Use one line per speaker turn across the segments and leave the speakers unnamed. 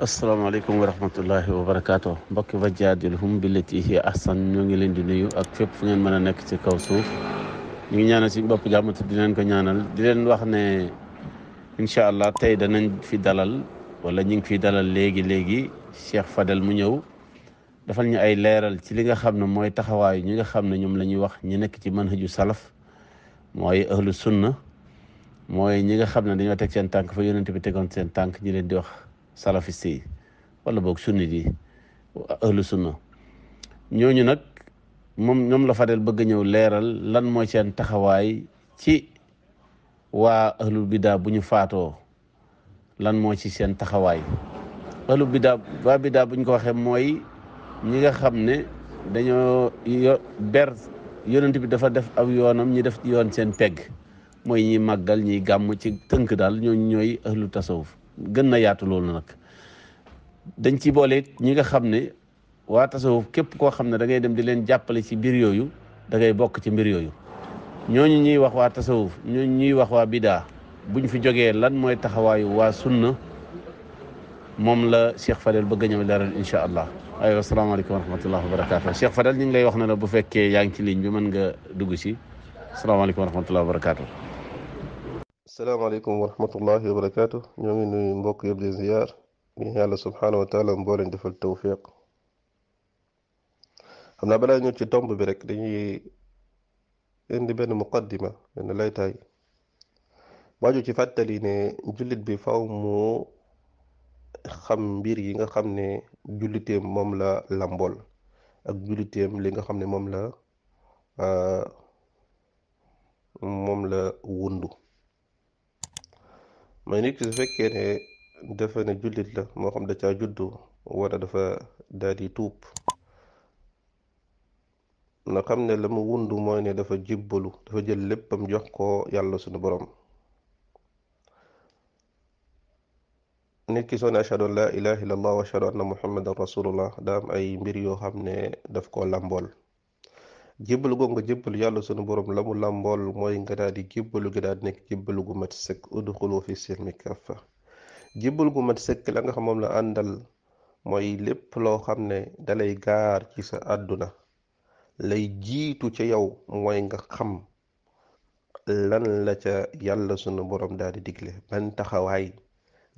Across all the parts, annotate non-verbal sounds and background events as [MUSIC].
السلام عليكم ورحمة الله وبركاته بك وجاد الهم بالتي هي أحسن نيوغي لين دي نيو أكفيب فنين منا نكتي كوسوف نيوغي نيانا سيك باب جامعة دينان كنيانا دينان وحنا إن شاء الله تاي دانان في دلال ولا نيوغ في دلال ليغي ليغي شيخ فدل منيو دفل ني أي ليرال تي لغا خبنا موي تخواي نيوغا خبنا نيوم لني وح نيوغي تي منهجو سلف موي أهل السنة موي نيوغا خبنا نيوغا تكتين تانك فيونا تبتغن تين تانك نيوغي دي وح salafiste yi wala boog sunnit yi ahlu sunna ñooñu nag moom ñoom la Fadel bëgg ñëw leeral lan moo seen taxawaay ci waa ahlul bidaa bu ñu faatoo lan moo ci seen taxawaay ahlul bidaa waa bidaa bu ñu ko waxee mooy ñi nga xam ne dañoo yo ber yonent bi dafa def aw yoonam ñi def yoon seen pegg mooy ñi màggal ñiy gàmm ci tënk daal ñooñu ñooy ahlu tasawuf gën na yaatu loolu nag dañ ci boole ñi nga xam ne waa tasawuf képp koo xam ne da ngay dem di leen jàppale ci mbir yooyu da ngay bokk ci mbir yooyu ñooñu ñuy wax waa tasawuf ñooñu ñuy wax waa bidaa ñu fi jógee lan mooy taxawaayu waa sunna moom la Cheikh Fadel bëgg a ñëw leeral incha allah aywa asalaamaaleykum wa rahmatullahi wa barakaatu Cheikh Fadel ñu ngi lay wax ne bu fekkee yaa ngi ci ligne mën nga dugg si asalaamaaleykum wa rahmatullahi wa barakaatu
salaamaaleykum wa rahmatullahi wa barakaatu ñoo ngi nuyu mbokk yëpp di ziyaar ngi yàlla subhaanahu wa taala mbooleen defal tawfiq xam naa balaa ñëw ci tomb bi rek dañuy indi benn muqaddima lay laytaay waaju ci fàttali ne jullit bi faw mu xam mbir yi nga xam ne julliteem moom la làmbool ak julliteem li nga xam ne moom la euh, moom la wundu mooy nit ki su fekkee ne dafa ne jullit la moo xam da caa juddu wala dafa daal di tuub na xam ne la mu wundu mooy ne dafa jibbalu dafa jël léppam jox ko yàlla sunu borom nit ki soo ne ashhadu an laa ilaha illallah wa ashhadu anna muhammadan rasulullah daa am ay mbir yoo xam ne daf koo làmbool jébbalu googu nga jébbalu yàlla sunu borom la mu làmbool mooy nga daal di jébbalu gi daal nekk jébbalu gu mat sëkk udxulu fi silmi kaffa jébbal gu mat sekk la nga xam moom la àndal mooy lépp loo xam ne dalay gaar ci sa àdduna lay jiitu ca yow mooy nga xam lan la ca yàlla sunu borom daal di digle ban taxawaay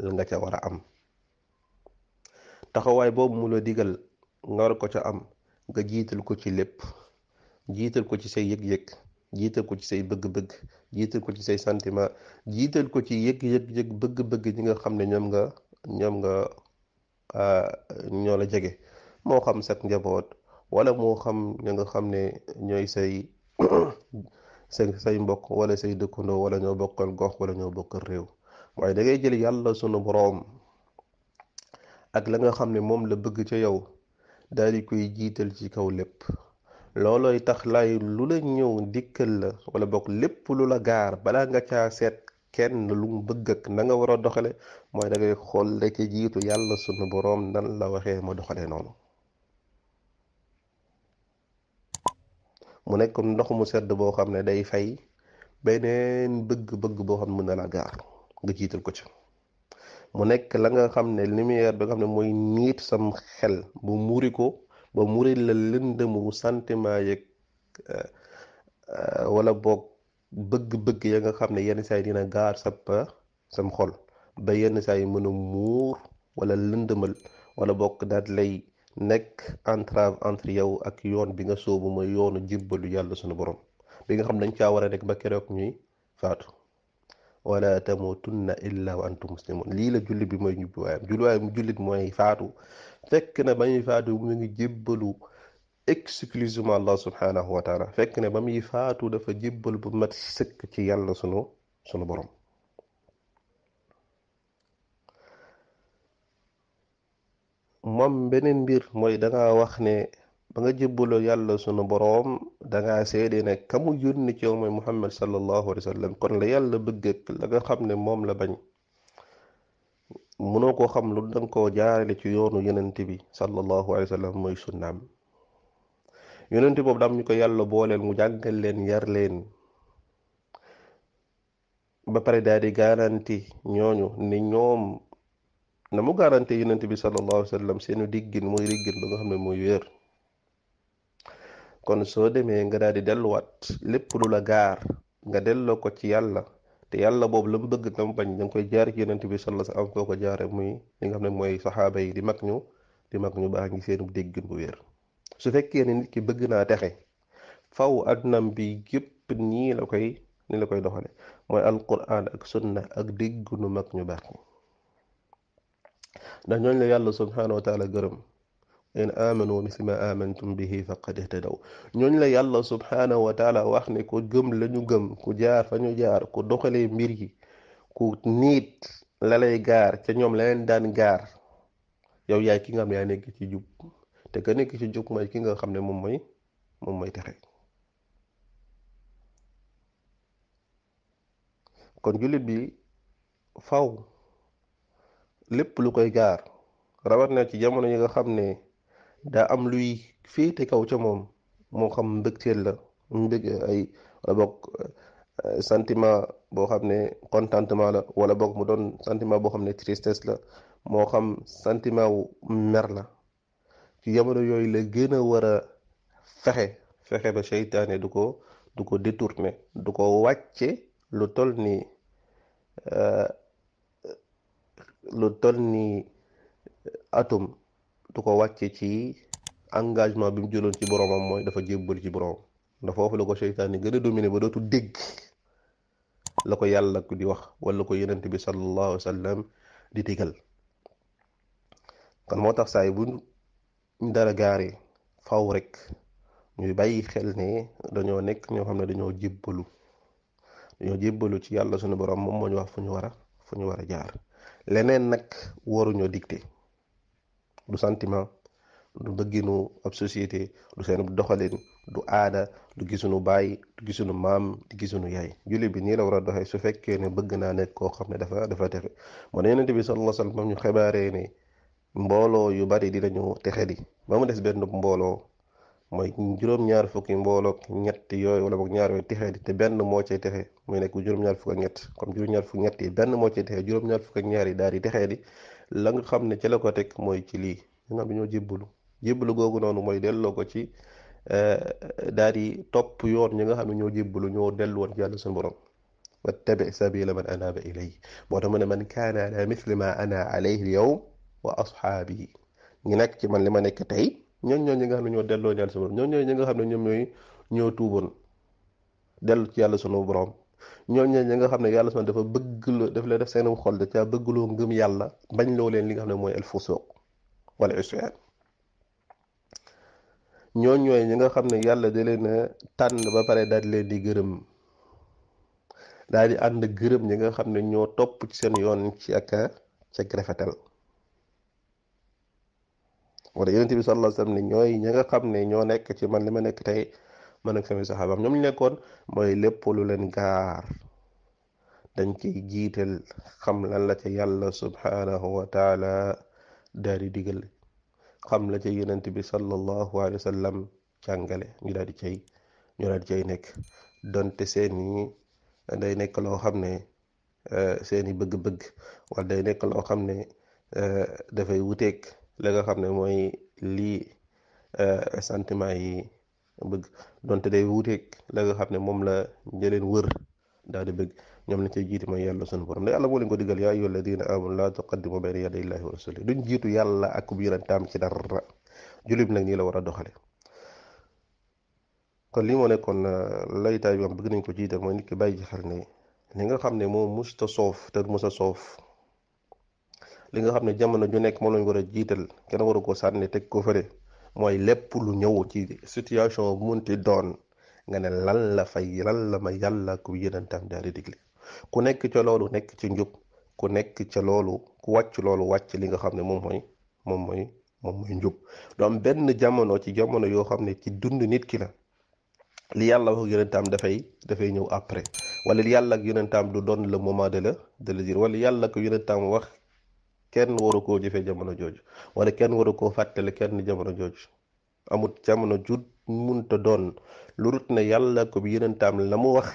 la nga ca war a am taxawaay boobu mu la digal nga war ko ca am nga jiital ko ci lépp jiital ko ci say yëg-yëg jiital ko ci say bëgg-bëgg jiital ko ci say sentiment jiital ko ci yëg-yëg-yëg bëgg-bëgg ñi nga xam ne ñoom nga ñoom nga ah, ñoo la jege moo xam sag njaboot wala moo xam ña nga xam ne ñooy say [CLEARS THROAT] say say mbokk wala say dëkkandoo wala ñoo bokkal gox wala ñoo bokkal réew waaye da ngay jël yàlla sunu boroom ak la nga xam ne moom la bëgg ca yow daal di koy jiital ci kaw lépp loolooy tax lay lu la ñëw dikkal la wala bokk lépp lu la gaar balaa nga caa seet kenn lu mu bëgg ak na nga war a doxale mooy dangay xool la ca jiitu yàlla sunu boroom nan la waxee ma doxale noonu mu nekk ndox mu sedd boo xam ne day fay beneen bëgg-bëgg boo xam ne mën na la gaar nga jiital ko ci mu nekk la nga xam ne lumière bi nga xam ne mooy niit sam xel bu muuri ko ba mu rëy la lëndëmu sentiment yeeg euh, wala boog bëgg-bëgg ya nga xam ne yenn saa dina gaar sa sam xol ba yenn saa yi mën a wala lëndëmal wala boog daat lay nekk entrave entre yow ak yoon bi nga soobu mooy yoonu jébbalu yàlla sunu borom bi nga xam dañ caa war a nekk ba keroog ñuy faatu wala tamutunna illa wa antum muslimun lii la jullit bi mooy njubbiwaayam julliwaayam jullit mooy faatu fekk na ba muy faatu mu ngi jébbalu exclusivement allah subhanahu wa taala fekk ne ba muy faatu dafa jébbal bu mat sëkk ci yàlla sunu sunu borom moom beneen mbir mooy dangaa wax ne ba nga jébbaloo yàlla sunu boroom danga seede ne kamu yónni ci yow mooy muhammad sallallahu alayhi wa sallam kon la yàlla bëgg la nga xam ne moom la bañ mënoo koo xam lu danga koo jaarale ci yoonu yonent bi sallallahu alayhi wa sallam mooy sunnaam yonent boobu daam ñu ko yàlla booleel mu jàngal leen yar leen ba pare daal di garanti ñooñu ni ñoom na mu garanti yonent bi sallallahu alayhi seenu diggin mooy diggin ba nga xam ne mooy wér kon soo demee nga daal di delluwaat lépp lu la gaar nga delloo ko ci yàlla te yàlla boobu la mu bëgg tam bañ da koy jaar ci yonent bi sallallahu alayhi wasallam koo ko jaare muy li nga xam ne mooy saxaaba yi di mag ñu di mag ñu baax ngi seenu déggin bu wér su fekkee ne nit ki bëgg naa texe faw addunam bi gépp nii la koy nii la koy doxale mooy alquran ak sunna ak dégginu mag ñu baax ñi ndax ñooñ la yàlla subhanahu wa taala gërëm in amanu misli ma amantum bihi faqad ihtadaw ñooñ la yàlla subhaanahu wa taala wax ne ku gëm la ñu gëm ku jaar fa jaar ku doxalee mbir yi ku niit la gaar ca ñoom la leen daan gaar yow yaay ki nga xam yaa nekk ci jub te ka nekk ci jub mooy ki nga xam ne moom mooy moom mooy texe kon jullit bi faw lépp lu koy gaar rawat na ci jamono yi nga xam ne daa am luy féete kaw ca moom moo xam mbëgteel la mbëgg ay wala boog euh, sentiment boo xam ne contentement la wala bokk mu doon sentiment boo xam ne tristess la moo xam sentiment wu mer la ci jamono yooyu la gën a war a fexe fexe ba seytaane du ko du ko détourné du ko wàcce lu toll ni euh, lu toll ni atum du ko wàccee ci engagement bi mu jëloon ci boromam mooy dafa jébbal ci boromam ndax foofu la ko seytaane gën a dominé ba dootu dégg la ko yàlla ku di wax walla ko yonent bi sallallahu alayhi wa sallam di digal kon moo tax saay bu dara gaaree faw rek ñuy bàyyi xel ne dañoo nekk ñoo xam ne dañoo jébbalu dañoo jébbalu ci yàlla suñu borom moom moo ñu wax fu ñu war a fu ñu war a jaar leneen nag waruñoo dicté du sentiment du bëgginu ab société du seen doxalin du aada du gisunu baay du gisunu maam du gisunu yaay jullit bi nii la war a doxee su fekkee ne bëgg naa nekk koo xam ne dafa defa texe moo ne yonent bi sallallahu alayhi wasallam moom ñu xibaaree ne mbooloo yu bari dinañu texe di ba mu des benn mbooloo mooy juróom-ñaar fukki mbooloo ñett yooyu wala boog ñaar yooyu texe di te benn moo cay texe muy nekk juróom-ñaar fukk ak ñett comme juróom-ñaar fukk ñetti benn moo cay texe juróom-ñaar fukk ak ñaar yi daal di texe di la nga xam ne ci la ko teg mooy ci lii ñu nga xam ne ñoo jébbalu jébbalu googu noonu mooy delloo ko ci eh, daal di topp yoon ñi nga xam ne ñoo jébbalu ñoo dellu woon ci yàlla suñu borom wattabi sabila man anaba ilay moo tax mu ne man kaana ala misli ma ana alayhi al yawm wa ashaabi ñi nekk ci man li ma nekk tey ñoom ñoo ñi nga xam ne ñoo delloo ci yàlla suñu borom ñoom ñooy ñi nga xam ne ñoom ñooy ñoo tuuboon dellu ci yàlla suñu borom ñooñu ñi nga xam ne yàlla soo dafa bëgg loo daf la def seenam xol da caa bëgg loo ngëm yàlla bañ loo leen li nga xam ne mooy al fusuq wal isyaan ñooñ ñi nga xam ne yàlla da leen tànn ba pare daal di leen di gërëm daal ànd gërëm ñi nga xam ne ñoo topp ci seen yoon ci ak ca rafetal wala yonent bi sallallahu alayhi wa ne ñooy ñi nga xam ne ñoo nekk ci man li ma nekk tey man ak samay saxaabaam ñoom ñu nekkoon mooy lépp leen gaar dañ ciy jiital xam lan la ca yàlla subhaanahu wa taala daal di digal xam la ca yonent bi sallallahu alayhi wa sallam jàngale ñu daal di cay ñu daal cay nekk donte seen day nekk loo xam ne eh, seeni i bëgg-bëgg wala day nekk xam ne eh, dafay wuteeg la nga xam ne mooy lii eh, sentiment yi bëgg donte day wuuteeg la nga xam ne moom la njëleen wër daa di bëgg ñoom la cay jiiti mooy yàlla sunu borom da yàlla boo leen ko diggal yaa ayyuha alladina amanu laa tuqaddimu bayna yaday illahi wa rasuli duñ jiitu yàlla ak bu yonentaam ci dara jullit bi nag nii la war a doxale lii moo nekkoon euh, laytaay bi bëgg nañ ko jiital mooy nit ki bàyyi ci xel ne li nga xam ne moom musta soof te musa soof li nga xam ne jamono ju nekk moom lañ war a jiital kenn waru koo sànni teg ko fële mooy lépp lu ñëw ci situation bu munti doon nga ne lan la fay lan la ma yàlla ku yénantam daal di ku nekk ca loolu nekk ci njub ku nekk ca loolu ku wàcc loolu wàcc li nga xam ne moom mooy moom mooy moom mooy njub doom benn jamono ci jamono yoo xam ne ci dund nit ki la li yàlla wax yonentaam dafay dafay ñëw après wala li yàlla ak du doon le moment de la de wala yàlla ko yonentaam wax kenn waru koo jëfee jamono jooju wala kenn waru koo fàttali kenn jamono jooju amut jamono ju munta doon lu rut ne yàlla ko bi yenentaam la mu wax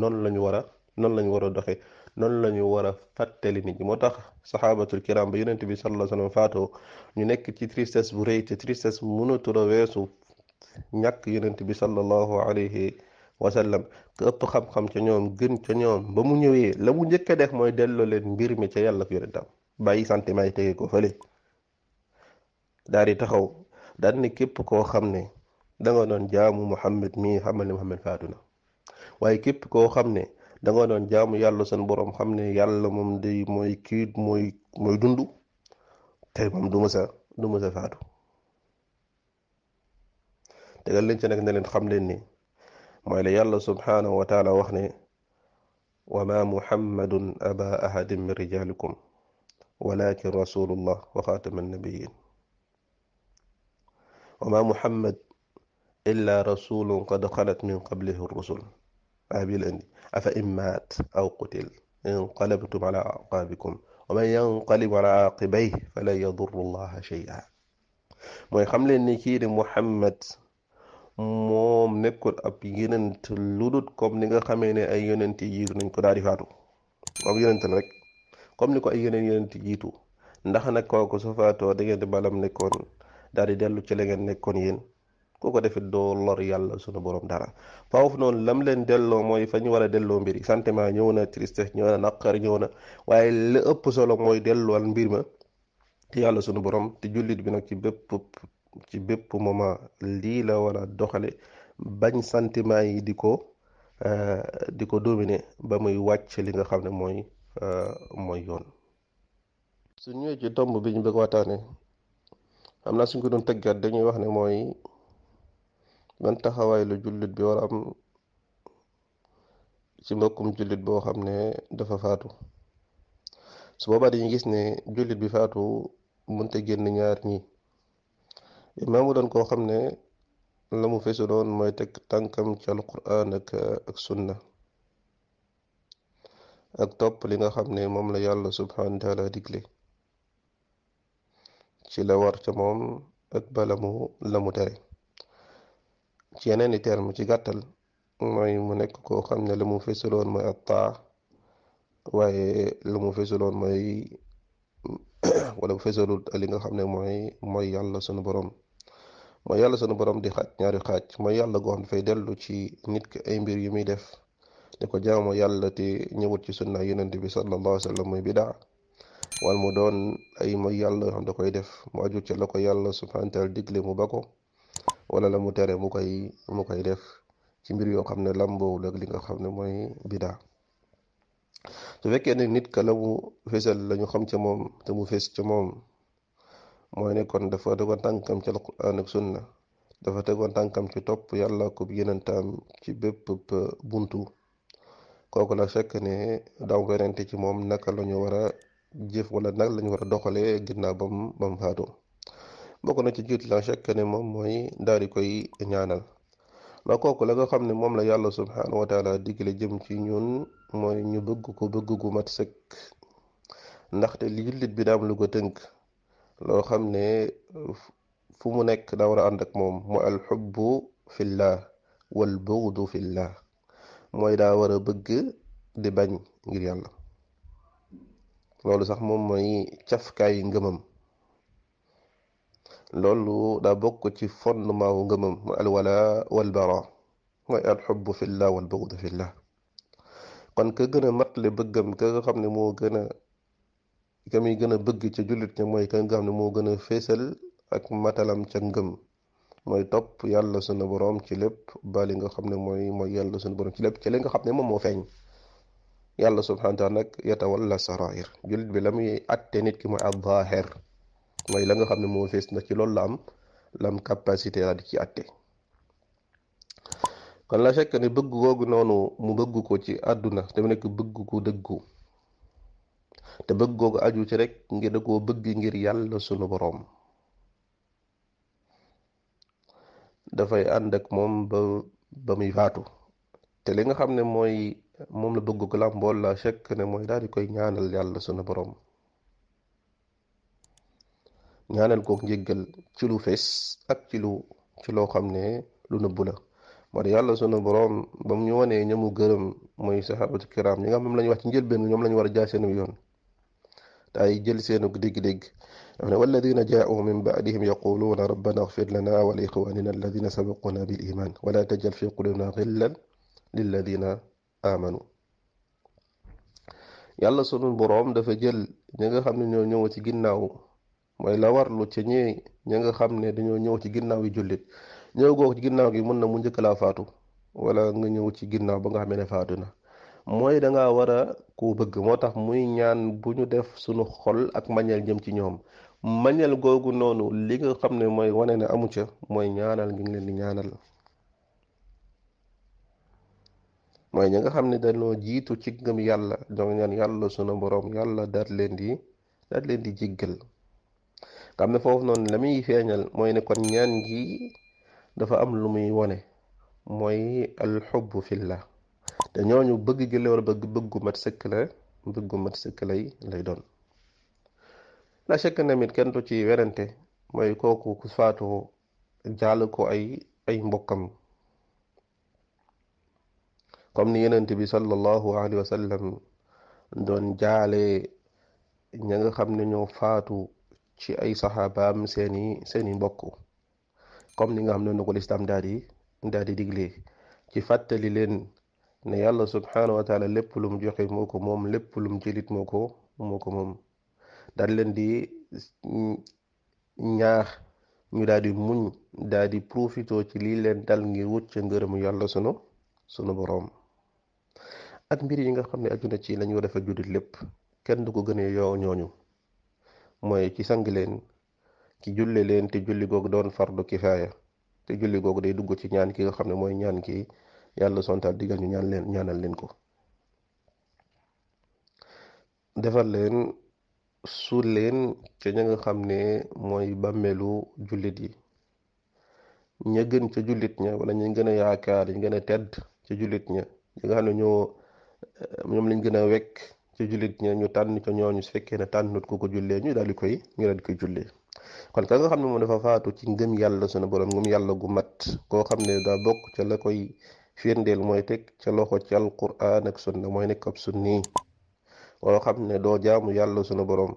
noonu la ñu war a noonu la war a doxe noonu la ñu war a fàttali nit ñi moo tax saxaabatul kiram ba yonent bi sallallahu alayhi wasallam faatoo ñu nekk ci tristesse bu rëy te tristesse mënatul a weesu ñàkk yonent bi sallallahu alayhi wasallam ku ëpp xam-xam ca ñoom gën ca ñoom ba mu ñëwee la mu njëkk a def mooy delloo leen mbir mi ca yàlla ko yonentam bàyyi sentiment yi tege ko fële daal di taxaw daal ne képp koo xam ne da nga doon jaamu Muhammad mii xamal ne Muhammad faatu na waaye képp koo xam ne da nga doon jaamu yàlla seen borom xam ne yàlla moom di mooy kii mooy mooy dundu tey ma du mës a du mës a faatu tegal leen ci nag ne leen xam leen ni mooy la yàlla subhanahu wa wax ne wa ma muhammadun aba ahadin min rijalikum ولكن رسول الله وخاتم النبيين وما محمد إلا رسول قد خلت من قبله الرسل أبي عندي أفإن مات أو قتل انقلبتم على عقابكم ومن ينقلب على عاقبيه فلا يضر الله شيئا mooy xam leen محمد موم di Muhammad moom nekkul ab yonent ludut comme ni nga xamee ne ay yonent yi nañ ko comme ni ko ay yeneen yonent jiitu ndax nag kooku su faatoo da ngeen di balam nekkoon daal di dellu ci la ngeen nekkoon yéen ku ko defit doo lor yàlla sunu borom dara foofu noonu lam leen delloo mooy fa ñu war a delloo mbir yi sentiment ñëw na tristesse ñëw na naqar ñëw na waaye li ëpp solo mooy delluwal mbir ma yàlla sunu borom te jullit bi nag ci bépp ci bépp moment lii la war a doxale bañ sentiment yi di ko euh, di ko dominer ba muy wàcc li nga xam ne mooy Euh, mooy yoon. su ñëwee ci tomb bi ñu bëgg waxtaanee xam naa suñ ko doon tëggaat dañuy wax ne mooy ban taxawaay la jullit bi war am ci mbokkum jullit boo xam ne dafa faatu su boobaa dañuy gis ne jullit bi faatu mënta génn ñaar ñi imaamu doon koo xam ne la mu fesu doon mooy teg tànkam ci alquran ak ak sunna ak top li nga xamne mom la yàlla subhanahu wa taala digle ci la war ci mom ak balamu mu la mu tere ci yeneen terme ci gàttal moy mu nek ko xamne ne la mu fësaloon mooy at taa waaye la mu fësaloon mooy wala bu li nga xamne moy moy yàlla sunu borom moy yàlla sunu borom di xat ñaari xat moy yàlla goo xam dafay dellu ci nit ke ay mbir yu muy def ni ko jaamu yàlla te ñëwut ci sunna yonent bi sallallahu alayhi wa sallam bidaa wala mu doon ay mooy yàlla xam da koy def mu aju la ko yàlla subhanahu wa mu ba ko mu tere mu koy mu koy def ci mbir yoo xam ne làmboowul ak li nga xam ne mooy bidaa su fekkee ne nit ka la mu fésal la ñu xam ca moom te mu fés ca moom mooy nekkoon kon dafa tegoon tànkam ci alquran ak sunna dafa tegoon tànkam ci topp yàlla ko yenentaam ci bépp buntu kooku la fekk ne daaw ko ci moom naka lañu ñu war a jëf wala nag la ñu war a doxalee ginnaaw bam ba mu faatu bokk na ci jiit la fekk ne moom mooy daal di koy ñaanal ndax kooku la nga xam ne moom la yàlla subhanahu wa taala digle jëm ci ñun mooy ñu bëgg ko bëgg gu mat sëkk ndaxte li jullit bi daam lu ko tënk loo xam ne fu mu nekk daa war a ànd ak moom mu alxubbu fillah wal bughdu fillah mooy daa war a bëgg di bañ ngir yàlla loolu sax moom mooy cafkaay ngëmam loolu daa bokk ci fondement wu ngëmam mooy alwala walbara mooy alxubb fillah walbughd fillah kon ka gën a matle bëggam ka nga xam ne moo gën a ka muy gën a bëgg ca jullit ña mooy ka nga xam ne moo gën a feesal ak matalam ca ngëm mooy topp yàlla sunu boroom ci lépp bali nga xam ne mooy mooy yàlla sunu borom ci lépp ci li nga xam ne moom moo feeñ yàlla subhanahu wa taala nag yatawalla sarair jullit bi la muy atte nit ki mooy az-zahir mooy la nga xam ne moo fees na ci loolu la am lam capacité la ci atte kon la fekk ne bëgg googu noonu mu bëgg ko ci àdduna te mu nekk bëgg ko dëggu te bëgg googu aju ci rek ngir da koo bëgg ngir yàlla sunu borom. dafay ànd ak moom ba ba muy faatu te li nga xam ne mooy moom la bëgg ko làmbool la chekk ne mooy daal di koy ñaanal yàlla sunu borom ñaanal kook njéggal ci lu fees ak ci lu ci loo xam ne lu nëbbu la moo de yàlla sunu borom ba mu ñu wanee ñamu gërëm mooy saxaabatu kiraam ñi nga xam moom la wax ci njëlbeen ñoom la ñu war a jaar seen yoon te ay jël seenu dégg-dégg wala ne walladina jaau min baadihim yaquluuna rabbana agfir lana wa li ixwanina alladina sabaquna bil iman wala tajal fi qulubina xillan lilladina amanu yàlla sunu boroom dafa jël ñi nga xam ne ñoo ñëw ci ginnaaw mooy la warlu ca ñee ñi nga xam ne dañoo ñëw ci ginnaaw yi jullit ñëw googu ci ginnaaw gi mën na mu njëkk laa faatu wala nga ñëw ci ginnaaw ba nga xamee ne faatu na mooy danga nga war a koo bëgg moo tax muy ñaan bu ñu def suñu xol ak mañeel jëm ci ñoom mañeel googu noonu li nga xam ne mooy wone ne amu ca mooy ñaanal ngi leen di ñaanal mooy ñi nga xam ne dañoo jiitu ci gëm yàlla donc ñaan yàlla sunu boroom yàlla daat leen di daat leen di jéggal xam ne foofu noonu la muy feeñal mooy ne kon ñaan gi dafa am lu muy wone mooy alxubb fillah te ñooñu bëgg gëlle wala bëgg bëggu mat sëkkle bëggu mat sëkkle yi lay doon la chekk namit kenn du ci werante mooy kooku ku faatoo jàll ko ay ay mbokkam comme ni yenent bi salallahu alehi wasallam doon jaale ña nga xam ne ñoo faatu ci ay saxabaam seeni seeni mbokk comme ni nga xam ne nagul islam daal yi daal di digle ci fàttali leen ne yallah subhanahu wa taala lépp lum joxe moo ko moom lépp lum jëlit moo ko moo ko moom daal leen di mm, ñaax ñu daal di muñ daal di profito ci lii leen dal ngir wëcc ngërëmu yàlla sunu sunu borom ak mbir yi nga xam ne adduna ci lañu war a fee juddit lépp kenn du ko gën a yoo ñooñu mooy ci sang leen ci julle leen te julli googu doon fardu kifaaya te julli googu day dugg ci ñaan ki nga xam ne mooy ñaan kii yàlla sontal digal ñu ñaan leen ñaanal leen ko defal leen suul leen ca ña nga xam ne mooy bàmmeelu jullit yi ña gën ca jullit ña wala ña gën a yaakaar ñu gën a tedd ca jullit ña ñi nga xam ne ñoo ñoom lañ gën a wekk ca jullit ña ñu tànn ca ñooñu su fekkee ne tànnut ko ko jullee ñu daal di koy ñu daal di koy jullee kon ka nga xam ne moom dafa faatu ci ngën yàlla sunu boroom ngëm yàlla gu mat koo xam ne daa bokk ca la koy firndeel mooy teg ca loxo ci alquran ak sunna mooy nekk ab sunni woo xam ne doo jaamu yàlla sunu borom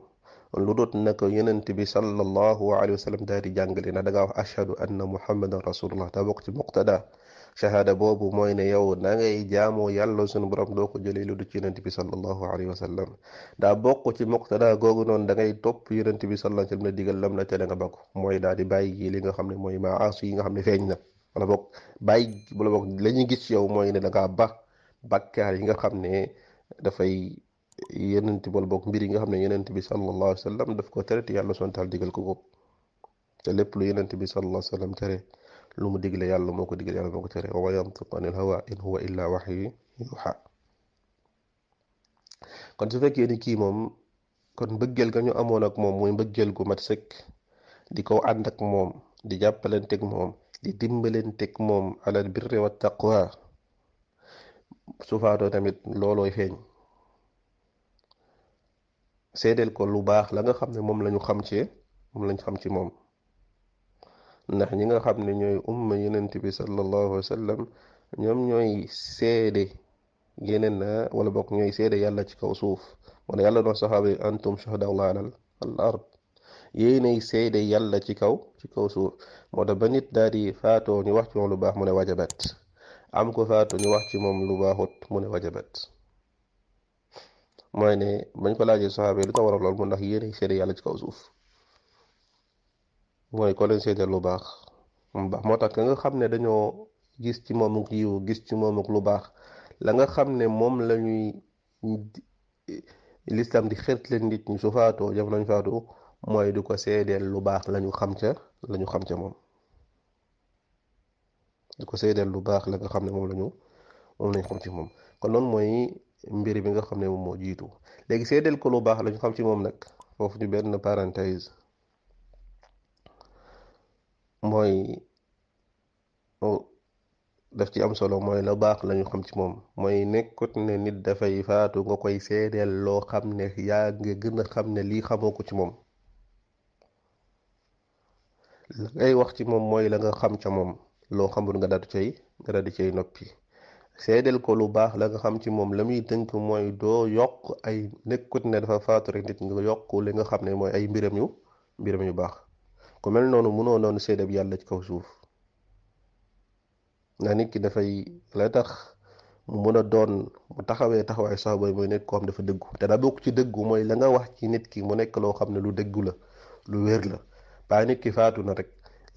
lu dut naka yonent bi sallallahu alayhi wa sallam daal di jàngale na da ngaa wax ashhadu anna muhammadan rasulullah te bokk ci muqtada shahada boobu mooy ne yow na ngay jaamoo yàlla sunu borom doo ko jëlee lu dut ci yonent bi sallallahu alayhi wa sallam daa bokk ci muqtada googu noonu da ngay topp yonent bi sallallahu alayhi wa sallam la digal lam la tere nga bakk mooy daal di bàyyi li nga xam ne mooy maas yi nga xam ne feeñ na wala boog bàyyi wala boog la ñuy gis yow mooy ne da ngaa ba bakkaar yi nga xam ne dafay yenent bi wala boog mbir yi nga xam ne yenent bi sallallahu alayhi wa sallam ko tere te yàlla subhanahu wa taala digal ko ko te lépp lu yenent bi sallallahu alayhi wa sallam tere lu mu digle yàlla moo ko digle yàlla moo tere wa ma yantiqu anil hawa in kon su fekkee ni kii moom kon mbëggeel ga ñu amoon ak moom mooy mbëggeel ko mat sëkk di ko ànd ak moom di jàppalanteeg moom di dimbaleen teg moom alal birri wa taqwa sufaatoo tamit loolooy feeñ seedeel ko lu baax la nga xam ne moom lañu xam ci moom lañ xam ci moom ndax ñi nga xam ne ñooy umma yenent bi sallallahu alayhi wa ñoom ñooy seede yeneen na wala bokk ñooy seede yàlla ci kaw suuf wala yàlla doon saxaaba yi antum shuhadaa'u llaahi alal ard yéenay seede yàlla ci kaw ci kaw suuf moo tax ba nit daal di faatoo ñu wax ci moom lu baax mu ne wajabat am ko ñu wax ci moom lu baaxut mu ne wajabat mooy ne bañ ko laajee saxaabe lu ko waral lool mu ndax yéenay seede yàlla ci kaw suuf mooy ko leen seedeel lu baax mu moo tax nga xam ne dañoo gis ci moom ak yiw gis ci moom lu baax la nga xam ne moom la ñuy lislam di xeet leen nit ñi su faatoo jaf nañ faatoo mooy du ko seddeel lu baax lañu xam ca lañu xam ca moom di ko seedeel lu baax la nga xam ne moom lañu moom lañu xam ci moom kon noonu mooy mbir mi nga xam ne moom moo jiitu léegi seedeel ko lu baax lañu xam ci moom nag foofu ñu benn parenthèse mooy daf ci am solo mooy lu baax lañu xam ci moom mooy nekkut ne nit dafay faatu nga koy seedeel loo xam ne yaa nga gën a xam ne lii xamoo ko ci moom la ngay wax ci moom mooy la nga xam ca moom loo xamul nga daldi cay nga daldi cay noppi seedeel ko lu baax la nga xam ci moom la muy tënk mooy doo yokk ay nekkut ne dafa faatu rek nit nga yokk li nga xam ne mooy ay mbiram yu mbiram yu baax ku mel noonu mënoo noonu seedab yàlla ci kaw suuf ndax nit ki dafay la tax mu a doon mu taxawee taxawaay mooy nit koo xam dafa dëggu te daa bokk ci dëggu mooy la nga wax ci nit ki mu nekk loo xam ne lu dëggu la lu wér la baa nit ki faatu na rek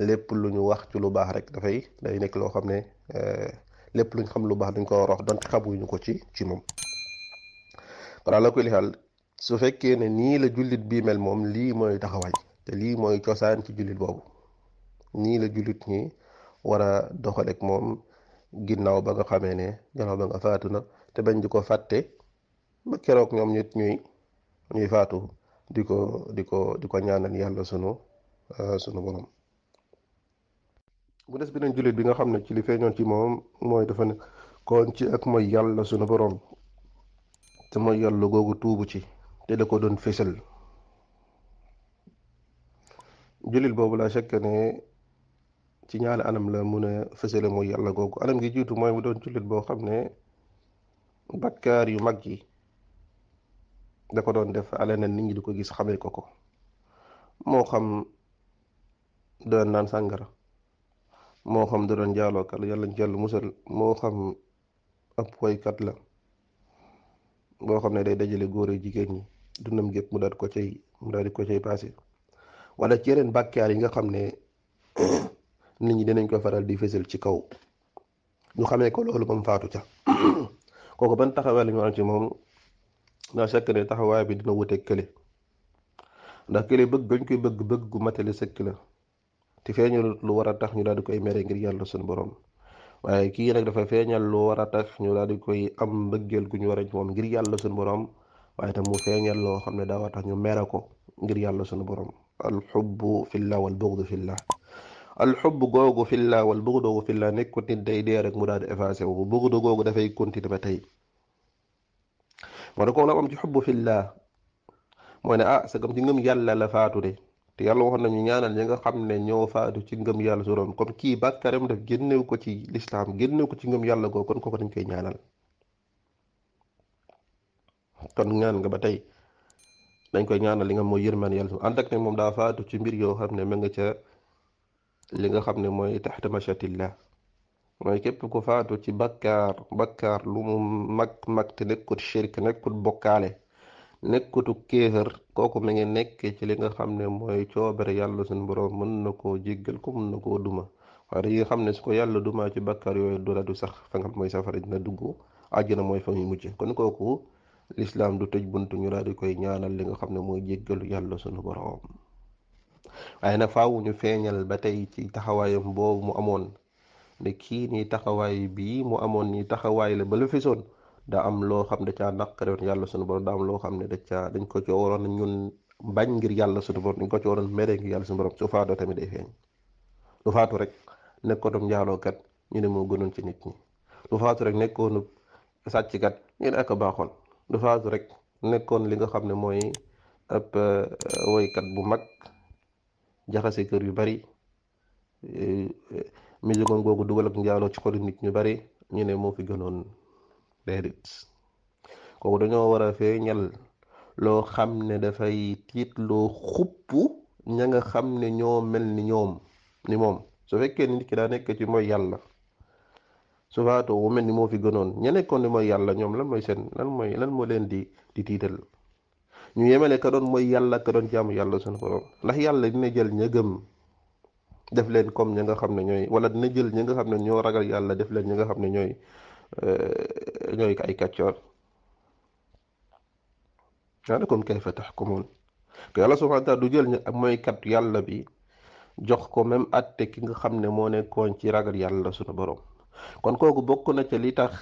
lépp lu ñu wax ci lu baax rek dafay day nekk loo xam ne euh, lépp luñ xam lu baax dañ ko war a wax donte xamuñu ko ci ci moom kon ala kulli xaal su fekkee ne nii la jullit bii mel moom lii mooy taxawaay te lii mooy cosaan ci jullit boobu nii la jullit ñi war a doxaleek moom ginnaaw ba nga xamee ne ginnaaw ba nga faatu na te bañ di ko fàtte ba keroog ñoom nit ñuy ñuy faatu di ko di ko di ko ñaanal yàlla sunu Euh, sunu borom mu des beneen jullit bi nga xam ne ci li feeñoon ci moom mooy dafa nekkoon ci ak mooy yàlla sunu borom te mooy yàlla googu tuubu ci te da ko doon fésal jullit boobu laa sekk ne ci ñaari anam la mun a fësale mooy yàlla googu anam gi jiitu mooy mu doon jullit boo xam ne bakkaar yu mag yi dako doon def ale nit ñi di ko gis xamee ko ko moo xam doon naan sàngara moo xam da doon jaalookal yàlla na musal moo xam ab woykat la boo xam ne day dajale góor ak jigéen ñi dundam gépp mu daal ko cay mu daal di ko cay passé wala ci yeneen bàkkaar yi nga xam ne [COUGHS] nit ñi dinañ ko faral di fësal ci kaw ñu xamee ko loolu moom faatu ca [COUGHS] kooku ban taxawaay la ñu war ci moom daa fekk ne taxawaay bi dina wuteeg kële ndax kële bëgg gañ koy bëgg bëgg gu matale sëkk la te feeñal lu war a tax ñu daal di koy mere ngir yàlla suñu borom waaye kii nag dafa feeñal lu war a tax ñu daal koy am mbëggeel gu ñu war a ngir yàlla suñu borom waaye loo xam ne daa tax ñu mere ko ngir yàlla suñu borom alxubbu fillah wal bugdu fillah alxubb googu wal bugdu googu fillah nekkut nit day dee rek mu daal di effacé wu bugdu googu dafay continuer ba tey moo da ko la am ci xubbu fillah mooy ne ah sagam ci ngëm yàlla la faatu de te yàlla waxoon na ñaanal li nga xam ne ñoo faatu ci ngëm yàlla su doon kii kii bàkkaaram daf génnew ko ci lislaam génnew ko ci ngëm yàlla goo kon ko dañ koy ñaanal kon ñaan nga ba tey dañ koy ñaanal li nga mooy yërmaan yàlla su ànd ne moom daa faatu ci mbir yoo xam ne ma nga ca li nga xam ne mooy taxta machatillah mooy képp ko faatu ci bakkaar bakkaar lu mu mag mag te nekkut shirk nekkut bokkaale nekkutu kéefër kooku mi ngi nekk ci li nga xam ne mooy coobare yàlla suñu borom mën na koo jéggal ko mën na koo duma waaye dañuy xam ne su ko yàlla dumaa ci bakkaar yooyu doola du sax fa mooy safara dina dugg àjjana mooy fa muy mujj kon kooku lislaam du tëj buntu ñu daal koy ñaanal li nga xam ne mooy jéggalu yàlla suñu borom nag faaw ñu feeñal ba tey ci taxawaayam boobu mu amoon ne kii nii taxawaay bii mu amoon nii taxawaay la ba la fisoon daa am loo xam da caa naqarewoon yàlla sunu borom daa loo xam ne da caa dañ ko ci waroon ñun bañ ngir yàlla sunu borom dañ ko ci waroon mere ngir yàlla sunu borom su faatoo tamit day feeñ lu faatu rek nekkoonum njaalookat ñu ne moo gënoon ci nit ñi lu faatu rek nekkoonu sàcckat ñu ak a baaxoon lu rek nekkoon li nga xam ne mooy ab eh, woykat bu mag jaxase kër yu bari eh, eh, musique googu dugal ak njaaloo ci xolu nit ñu bari ñu ne moo fi gënoon déedéet kooku dañoo war a feeñal loo xam ne dafay tiit loo xupp ña nga xam ne ñoo mel ni ñoom ni moom su fekkee ni ki daa nekk ci mooy yàlla su faatoo wu mel ni moo fi gënoon ña nekkoon ni mooy yàlla ñoom lan mooy seen lan mooy lan moo leen di di tiital ñu yemale ka doon mooy yàlla ka doon jaamu yàlla suñu borom ndax yàlla dina jël ña def leen comme ña nga xam ne ñooy wala dina jël ña nga xam ne ñoo ragal yàlla def leen ña nga xam ne ñooy ñooy ay kàccoor alakum kayfa taxkumuun que yàlla subhaanahu wa taala du jël ñu mooykat yàlla bi jox ko même atte ki nga xam ne moo nekkoon ci ragal yàlla sunu borom kon kooku bokk na ca li tax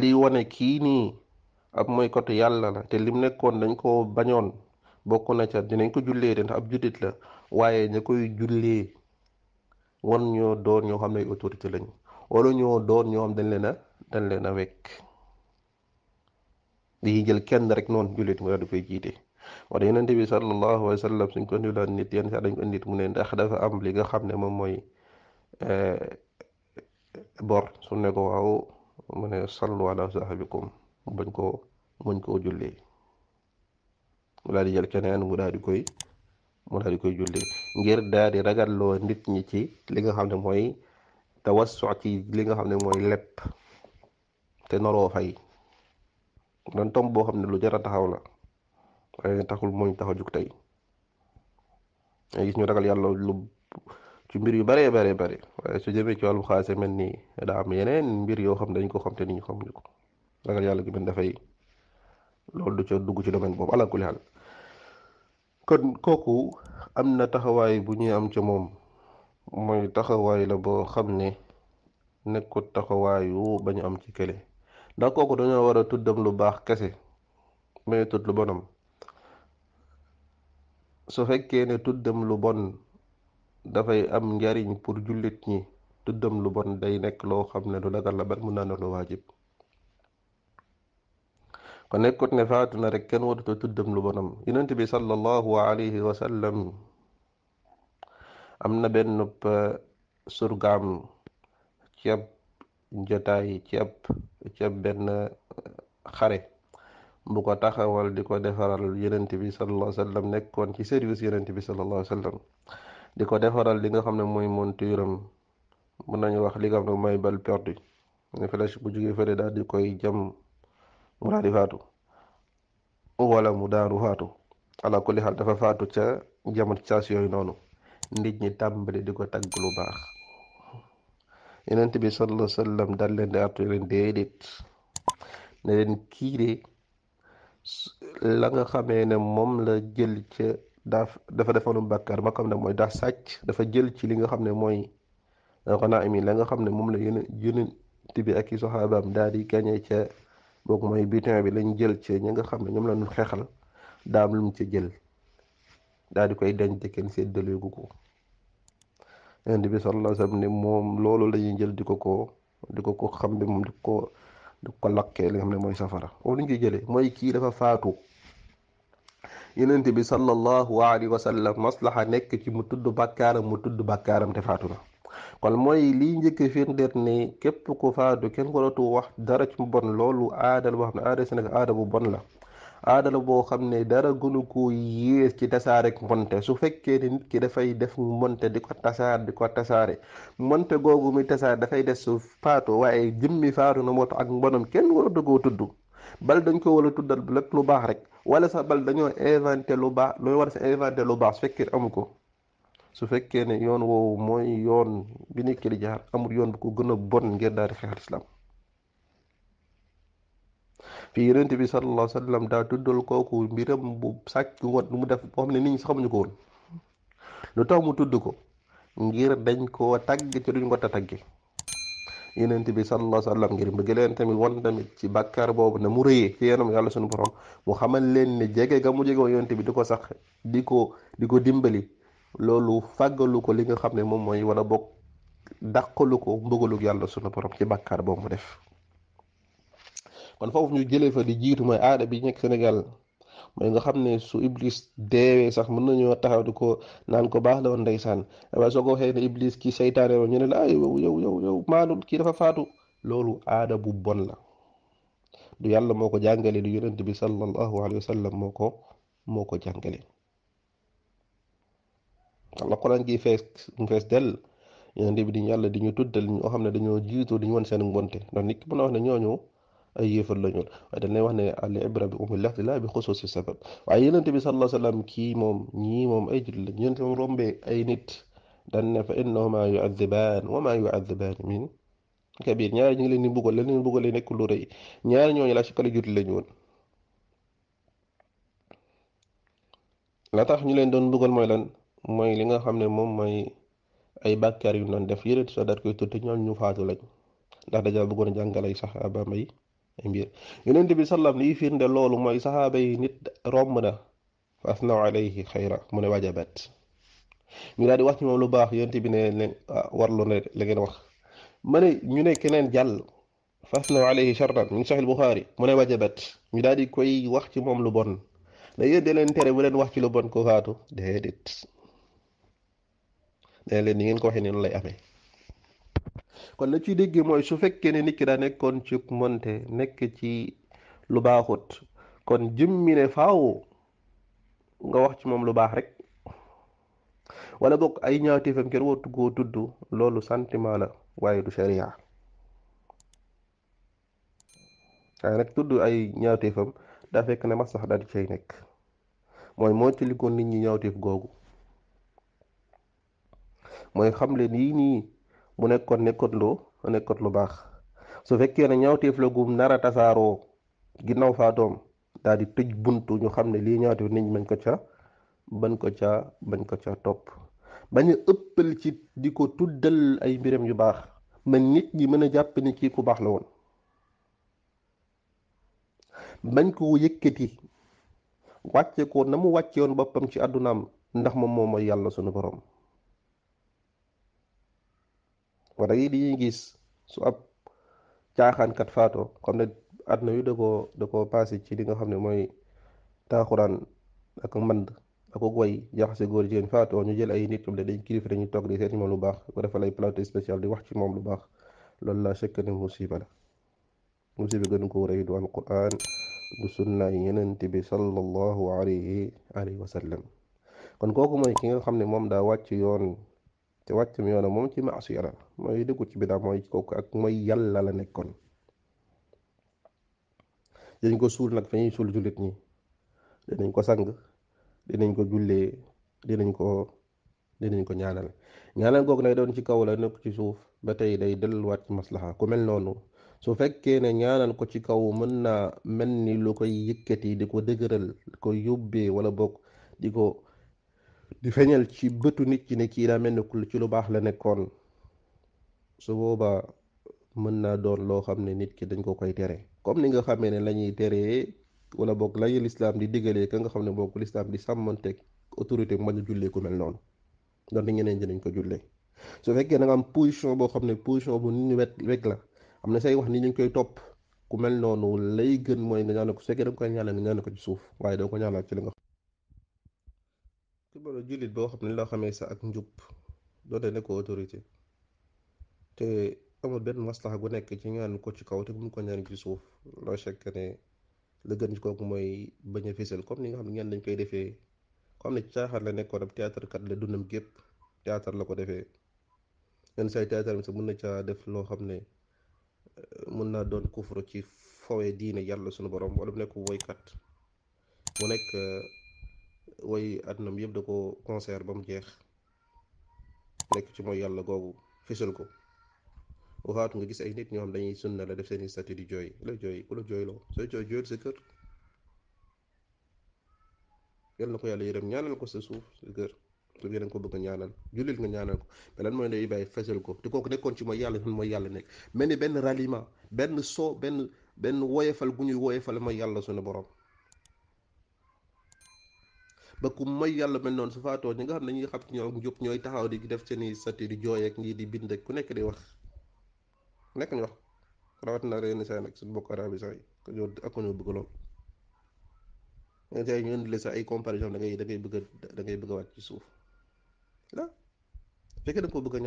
li wane kii nii ab mooykatu yàlla la te lim nekkoon dañ ko bañoon bokk na ca dinañ ko jullee de ndax ab jullit la waaye ña koy jullee won ñoo doon ñoo xam ne autorité lañu wala ñoo door ñoo xam dañ leen a dañ leen a wekk dañuy jël kenn rek noon jullit mu daal koy jiite wala yonent bi sallallahu alayhi wa sallam suñ ko indilaan nit yenn saa dañ ko indit mu ne ndax dafa am li nga xam ne moom mooy eh, bor su ne ko waaw mu ne sallu ala bañ koo muñ koo jullee mu daal di jël keneen mu daal di koy mu daal koy jullee ngir daal di ragalloo nit ñi ci li nga xam ne mooy tawassu ci li nga xam ne mooy lépp te noroo fay doon tomb boo xam ne lu jar a taxaw la waaye taxul mooñ taxaw jug tey ay gis ñu ragal yàlla lu ci mbir yu bare bare bare waaye su jëmee ci wàllu xaase mel ni daa am yeneen mbir yoo xam dañ ko xam te ni ñu xam ñu ko ragal yàlla gi mel dafay loolu du ca dugg ci domaine boobu ala kulli xaal kon kooku am na taxawaay bu ñuy am ca moom mooy taxawaay la boo xam ne nekkut taxawaay ba ñu am ci kële ndax kooku dañoo war a tuddam lu baax kese mais tudd lu bonam su fekkee ne tuddam lu bon dafay am njariñ pour jullit ñi tuddam lu bon day nekk loo xam ne lu dagal la ba naa naan lu waajib ko nekkut ne faatu na rek kenn warut a tuddam lu bonam yonent bi sallallahu alayhi wa am na benn eh, surgaam ci ab jotaay ceeb benn eh, xare bu ko taxawal di ko defaral yonent bi sallallahu alayhi wa sallam nekkoon ci service yonent bi sallallahu alayhi di ko defaral li nga xam ne mooy monture am mën nañu wax li nga mooy balle perdue ne flèche bu jógee fële daal di koy jam mu daal di faatu wala mu daanu faatu ala kulli xaal dafa faatu ca jamono saas yooyu noonu nit ñi tàmbali di ko tagg lu baax yonent bi sallallahu alayhi wasallam dal leen di ne leen kii de la nga xamee ne moom la jël ca daaf dafa defoonu bàkkaar ba xam ne mooy daa sàcc dafa jël ci li nga xam ne mooy xanaa ami la nga xam ne moom la yéen yonent bi ak i soxaabaam daal di gañee ca boog mooy butin bi lañ jël ca ñi nga xam ne ñoom lañu xeexal daa lu mu ca jël daal di koy denc kenn séddaleegu ko yonent bi sallallahu alayhi wa sallam ne moom loolu la jël di ko ko di ko ko xam ne moom di ko di ko lakkee xam ne mooy safara moom la ñu koy jëlee mooy kii dafa faatu yonent bi sallallahu alayhi wa sallam maslaxa nekk ci mu tudd bàkkaaram mu tudd bakkaaram te faatu na kon mooy lii njëkk firndeet ne képp ko faatu kenn waratu wax dara ci mu bon loolu aada boo xam ne aada Sénégal aada bu bon la aadala boo xam ne dara gënu ko yées ci tasaare ak mbonte su fekkee ne nit ki dafay def mbonte di ko tasaar di ko tasaare mbonte googu muy tasaar dafay des su faatu waaye jëmmi faatu na moo tax ak mbonam kenn waratu koo tudd bal dañ ko war a tuddal lépp lu baax rek wala sa bal dañoo inventé lu baax looy war sa inventé lu baax su fekkee amu ko su fekkee ne yoon woowu mooy yoon bi nit ki di jaar amul yoon bu ko gën a bon ngir daal di xeex fi yonent bi sallallahu alayhi wasallam da daa koku mbiram bu sak wat lu mu def boo xamne ne nit ñi xamuñu ko woon lu taw mu tudd ko ngir dañ ko tagg ci duñ ko ta tagge yonent bi sallallahu alayhi wasallam ngir bëgg leen tamit won tamit ci bakkar bobu na mu reey ci yeenam yalla sunu borom mu xamal leen ni jege ga mu jege woon yonent bi di sax diko diko dimbali lolu fagalu ko li nga xamne mom moy wala bok dàqalu mbugaluk yalla sunu borom ci bakkar bobu mu def kon foofu ñu jëlee fa di jiitu mooy aada bi ñekk sénégal mooy nga xam ne su iblis deewee sax mën nañoo taxaw di ko naan ko baax la woon ndeysaan waaye soo ko waxee ne iblis kii seytaane woon ñu ne la ay yow yow yow yow maanul kii dafa faatu loolu aada bu bon la du yàlla moo ko jàngale du yonent bi salallahu alehi wa sallam moo ko moo ko jàngale alla quran gi fees mu fees del yonente bi diñu yàlla diñu tuddal ñoo xam ne dañoo jiitu diñu won seen ngonte ndax nit ki mën a wax ne ñooñu ay yéefar lañu ñoon waaye dañ lay wax ne al ibra bi umul lafdi la bi xusuusi sabab waaye yenente bi sallallahu alayhi wasallam kii moom ñii moom ay jullit la yenente moom rombee ay nit dan ne fa innahuma yu'adhibaan wa ma yu'adhibaan min ñu ngi leen di mbugal la leen mbugal nekk lu rëy ñaari ñooñu laa ci kala jullit la ñu woon tax ñu leen doon mbugal mooy lan mooy li nga xam ne moom mooy ay bakkaar yu doon def yëreet sa daat koy tudde ñoom ñu faatu lañ ndax dajaa bëggoon jàngal ay saxaaba may ay mbir yonent bi sallam liy firnde loolu mooy saxaaba yi nit romb na fa asnaw alayhi xayra mu ne wajabat ñu daal di wax ci moom lu baax yonent bi ne leen ah, la ngeen wax ma ne ñu ne keneen jàll fa asnaw alayhi sharran min sahih Buxaari mu ne wajabat ñu daal di koy wax ci moom lu bon ne yéen da leen tere bu leen wax ci lu bon ko faatu déedéet ne leen ni ngeen ko waxee noonu lay amee kon la ciy dégg mooy su fekkee ne nit ki daa nekkoon ci monte nekk ci lu baaxut kon jëmmi ne faaw nga wax ci moom lu baax rek walla bokk ay ñaawteefam kenn wartu tudd loolu sentiment la waaye du sharia waaye nag tudd ay ñaawteefam daa fekk ne maslaxa daal di cay nekk mooy moo ci nit ñi ñaawteef googu mooy xam leen yii nii bu nekkoon nekkut lu nekkut lu baax su fekkee ne ñaawteef la gum nar a tasaaroo ginnaaw faatoom daal di tëj bunt ñu xam ne lii ñaawteef nit ñi bañ ko ca bañ ko ca bañ ko ca topp bañ a ëppal ci di ko tuddal ay mbiram yu baax man nit ñi mën a jàpp ni kii ku baax la woon bañ ko yëkkati wàcce ko na mu wàcce woon boppam ci àddunaam ndax moom moo mooy yàlla sunu boroom wala yi dañuy gis su ab caaxaan kat xam ne àdduna yu da koo da koo passé ci li nga xam ne mooy taaxuraan ak mband ak way jaxase góor jigéen faatoo ñu jël ay nit comme dañ kilifa dañuy toog di seet moom lu baax ko defal ay plateau spécial di wax ci moom lu loolu laa sekk ne musiba la musiba gën ko rëy du alquran du sunna yenent bi sallallahu alayhi alayhi wa sallam kon kooku mooy ki nga xam ne moom daa wàcc yoon te wàccam yoona moom ci maasiya la mooy dëkkut ci biddaa mooy kooku ak mooy yàlla la nekkoon dinañ ko suul nag fa ñuy suul jullit ñi dinañ ko sang dinañ ko jullee dinañ ko dinañ ko ñaanal ñaanal googu nag doon ci kaw la nekk ci suuf ba tey day delluwaat ci maslaxa ku mel noonu su fekkee ne ñaanal ko ci kaw mën naa mel ni lu koy yëkkati di ko dëgëral ko yóbbee wala bokk di ko di feeñal ci bëtu nit ci ne kii daa mel ni ci lu baax la nekkoon su boobaa mën naa doon loo xam ne nit ki dañ ko koy tere comme ni nga xamee ne la ñuy teree wala boog lañu lislaam di diggalee ka nga xam ne boog lislaam di sàmmanteeg autorité mën a jullee ku mel noonu doon di ñeneen dinañ ko jullee su fekkee da nga am position boo xam ne position bu nit ñi wet wet la am na say wax ni ñu koy topp ku mel noonu lay gën mooy nga ñaanal ko su fekkee da nga koy ñaanal nga ñaanal ko ci suuf waaye doo ko ñaanal ci li nga xam ku bëgg jullit boo xam ne loo xamee sa ak njub doonte ne ko autorité te amul benn maslaxa gu nekk ci ñaan ko ci kaw te bu ñu ko ñaan ci suuf loo chaque ne la gën ci kooku mooy bañ a fésal comme ni nga xam ne ñaan dañ koy defee ko am ne ci caaxaan la nekkoon ab théâtre kat la dundam gépp théâtre la ko defee yenn say théâtre mi sax mën na caa def loo xam ne euh, mën naa doon kufru ci fowee diine yàlla suñu borom wala mu nekk kat mu nekk euh, woy àddunam yëpp da ko concert ba mu jeex nekk ci mooy yàlla googu fésal ko waxaatu nga gis ay nit ñoo xam dañuy sunna la def seeni statut jooy la jooy ku la jooyloo sooy jooy sa kër yal ko yàlla yërëm ñaanal ko sa suuf sa kër ko bëgg a ñaanal jullit nga ñaanal ko mais lan mooy day bàyyi ko te kooku nekkoon yàlla lan mooy yàlla nekk mel ni benn ralliement benn soo benn benn woyefal gu ñuy woyefal mooy yàlla suñu borom ba ku may yàlla mel noonu su nga xam ne ñi nga xam ci ñoom njub taxaw di def seen i sati di jooy ak ñii di bind ku nekk di wax nekk ñu wax rawatina réew ni say nag suñu bokk arabi sax yi ko ñoo ak lool nga tey ñu indi ay comparaison da ngay da bëgg da ngay bëgg ci suuf la fekkee da nga ko bëgg a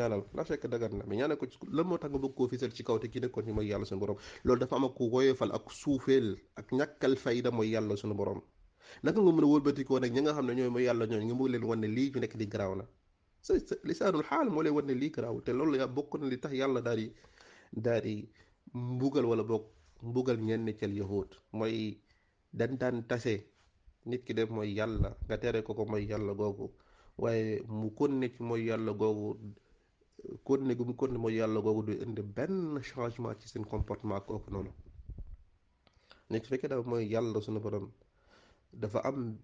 ñaanal ko ci lan moo tax nga bëgg koo fisal ci kaw te kii nekkoon ci mooy yàlla suñu borom loolu dafa am ak ku woyofal ak suufeel ak ñàkkal fayda mooy yàlla suñu borom naka nga mën a wëlbatikoo nga xam ne ñooy mooy yàlla ñooñu nga bëgg leen wan ne lii ñu garaaw moo lay wan ne te loolu yaa bokk na li tax yàlla daal di daal di mbugal wala boog mbugal ñenn ci yahuud mooy dañ daan tase nit ki def mooy yàlla nga tere ko ko mooy yàlla googu waaye mu konne ci mooy yàlla googu konne gu mu konne du indi benn changement ci seen comportement kooku noonu nit fekkee dafa mooy yàlla sunu borom dafa am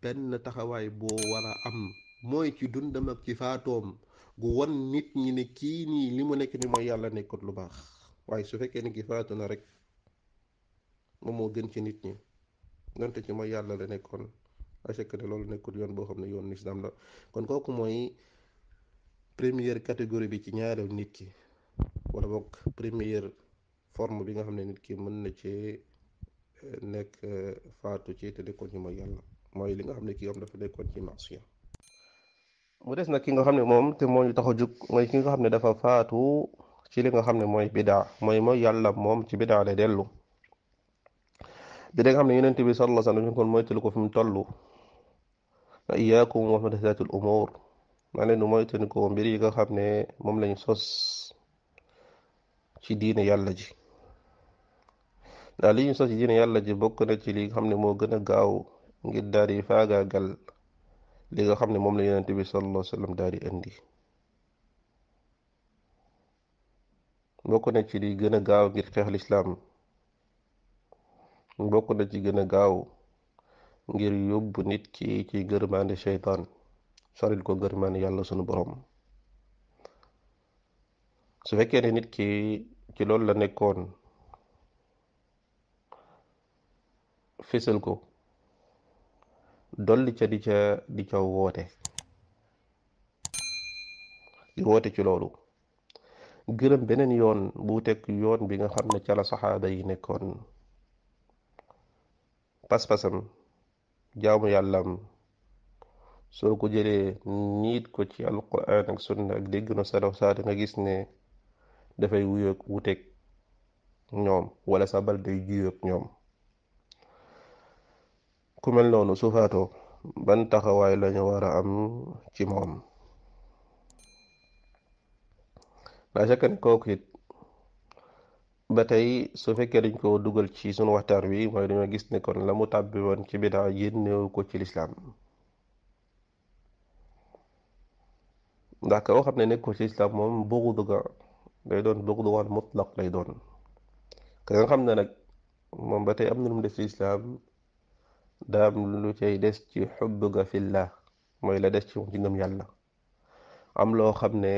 benn taxawaay boo war a am mooy ci dundam ak ci faatoom gu wan nit ñi ne kii nii li mu nekk ni mooy yàlla nekkoon lu baax waaye su fekkee ne gi faatu na rek moom moo gën ci nit ñi donte ci mooy yàlla la nekkoon achèque ne loolu nekkul yoon boo xam ne yoon islam la kon kooku mooy première catégorie bi ci ñaareelu nit ki wala boog première forme bi nga xam ne nit ki mën na ci eh, nekk eh, faatu ci te nekkoon ci mooy yàlla mooy li nga xam ne kii am dafa nekkoon ci marsiya mu des nag ki nga xam ne moom te moo ñu tax a jug mooy ki nga xam ne dafa faatu ci li nga xam ne mooy bidaa mooy mooy yàlla moom ci bidaa lay dellu bi nga xam ne yonent bi sallallahu alayhi wa sallam ñu kon moytalu ko fi mu toll wa iyaakum wa muhdathatil umuur maa leen ko mbir yi nga xam ne moom lañu sos ci diine yàlla ji ndax li ñu sos ci yàlla ji bokk na ci li xam ne moo gën a gaaw ngir daal di faagaagal li nga xam ne moom la yonent bi sallallahu alayhi wa sallam daal di indi bokk na ci li gën a gaaw ngir xeex lislaam bokk na ci gën a gaaw ngir yóbbu nit ki ci gërmaande seytaan soril ko gërmaande yàlla sunu borom su fekkee ne nit ki ci loolu la nekkoon fésal ko dolli ca ɗi ca ɗi ca woote ɗi woote ci loolu gërëm beneen yoon bu teg yoon bi nga xam ne ca la saxaaba yi nekkoon pas-pasam jaamu yàllam soo ko jëlee niit ko ci alquran ak sunna ak dégg na sa daw saa nga gis ne dafay wuyoog wuteg ñoom wala sabal day juyoog ñoom ku mel noonu su faatoo ban taxawaay lañu war a am ci moom laa shakka ne kooku it ba tey su fekkee dañ koo dugal ci sunu waxtaan wi mooy dañoo gis ne kon la mu tàbbi woon ci bidaa génnewu ko ci lislaam ndax koo xam ne nekk ko ci lislaam moom buxdu ga day doon buxdu wal mutlaq lay doon ka nga xam ne nag moom ba tey am na mu def ci lislaam daa am lu cay des ci xubb ga fillah mooy la des ci moom ci ngëm yàlla am loo xam ne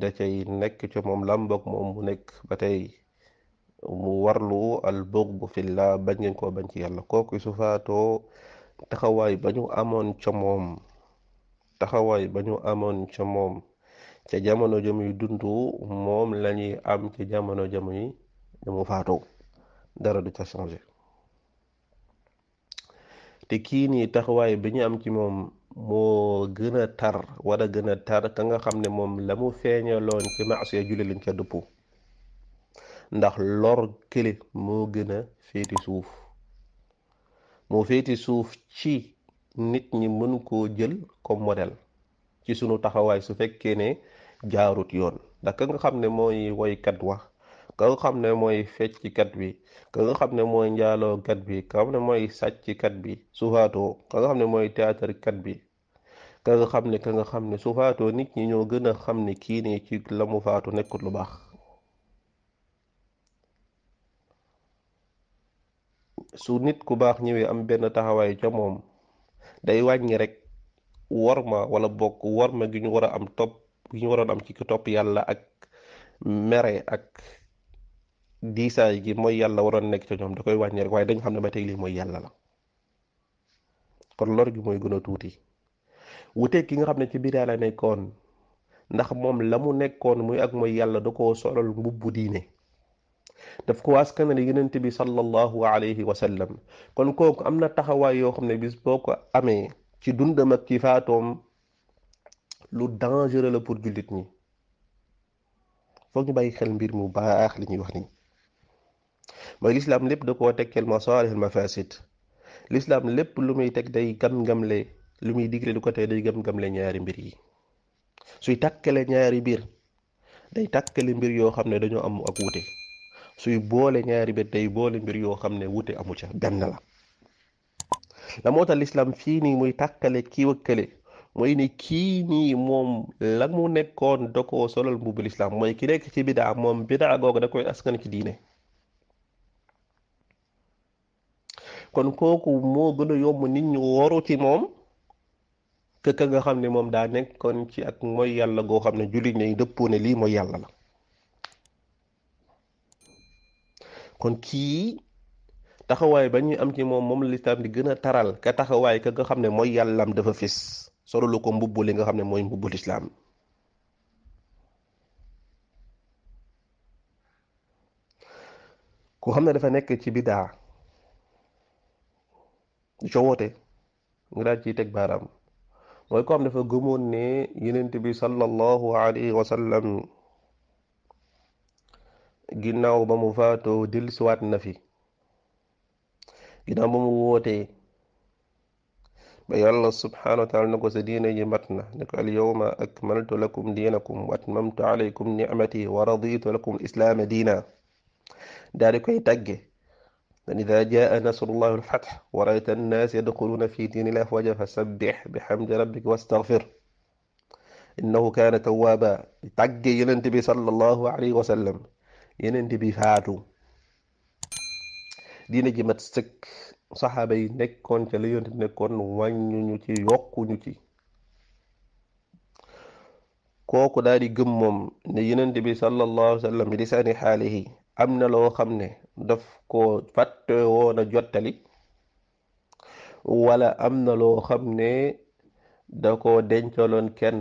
da cay nekk ci moom làmboog moom mu nekk ba tey mu warlu al buug bu fillah bañ ngeen koo bañ ci yàlla kooku su faatoo taxawaay ba amoon ca taxawaay bañu amoon ca moom ca jamono jamuy dund moom lañuy am ci jamono jamuy jamu faatoo dara du ca changé te kii nii taxawaay bi ñu am ci moom moo gën a tar wala gën a tar ka nga xam ne moom la mu feeñaloon ci marché julli lañ ca dëpp ndax lor kële moo gën a féeti suuf moo féeti suuf ci nit ñi mën koo jël comme modèle ci sunu taxawaay su fekkee ne jaarut yoon ndax ka nga xam ne mooy woykat wa ka nga xam ne mooy fecckat bi ka nga xam ne mooy kat bi ka nga ne mooy sàcckat bi sufaatoo ka nga xam ne mooy théâtrekat bi ka nga xam ne ka nga xam ne sufaatoo nit ñi ñoo gën a xam ne kii ne ci la mu faatu nekkut lu baax su nit ku baax ñëwee am benn taxawaay ca moom day wàññi rek worma wala bokk worma gi ñu war a am topp gi ñu waroon am ci topp yàlla ak mere ak diisaay gi mooy yàlla waroon nekk ci ñoom da koy wàññi rek waaye dañ xam ne ba tey lii mooy yàlla la kon lor gi mooy gën a tuuti wuteeg ki nga xam ne ci biir yàlla nekkoon ndax moom la mu nekkoon muy ak mooy yàlla da koo solal mbubbu diine daf ko askanale yonent bi sallallahu alayhi wa sallam kon kooku am na taxawaay yoo xam ne bis boo ko amee ci dundam ak ci faatoom lu dangereux la pour jullit ñi foog ñu bàyyi xel mbir mu baax li ñuy wax nii mooy lislaam lépp da koo tekkeel masaalihil mafasid lislaam lépp lu muy teg day gam-gamle lu muy digle du ko tey day gam-gamle ñaari mbir yi suy tàkkale ñaari mbir day tàkkale mbir yoo xam ne dañoo am ak wute suy boole ñaari mbir day boole mbir yoo xam ne wute amu ca benn la la moo tax lislaam fii nii muy takkale kii wëkkale mooy ni kii nii moom la mu nekkoon da koo solal mbubb lislaam mooy ki nekk ci bidaa moom bidaa googu da koy askan ci diine kon kooku moo gën a yomb nit ñu woru ci moom que ka nga xam ne moom daa nekk kon ci ak mooy yàlla goo xam ne jullit nañ dëppoo ne lii mooy yàlla la kon kii taxawaay ba ñuy am ci moom moom lislaam di gën a taral ka taxawaay ka nga xam ne mooy yàllam dafa fis sololu ko mbubb li nga xam ne mooy mbubbu lislaam ku xam ne dafa nekk ci bidaa di co woote mu daal ciy teg baaraam mooy ko am dafa gëmoon ne yenent bi sallallahu alayhi wa sallam ginnaaw ba mu faatoo dellusiwaat na fi ginnaaw ba mu wootee ba yàlla subhanahu wa taala na ko sa diina ji mat na ko al akmaltu lakum diinakum wa alaykum ni'mati wa raditu lakum islaama diina daal koy tàgge من إذا جاء نصر الله الفتح ورأيت الناس يدخلون في دين الله فوجه فسبح بحمد ربك واستغفر إنه كان توابا تقي ينندبي صلى الله عليه وسلم ينندبي فاتو دين جمت سك صحابي نكون تليون نكون وان نوتي يوكو نوتي كوكو دادي جمم نينندبي صلى الله عليه وسلم لسان حاله أمن لو خمنه daf ko fàtte woon a jottali wala am na loo xam ne da ko dencaloon kenn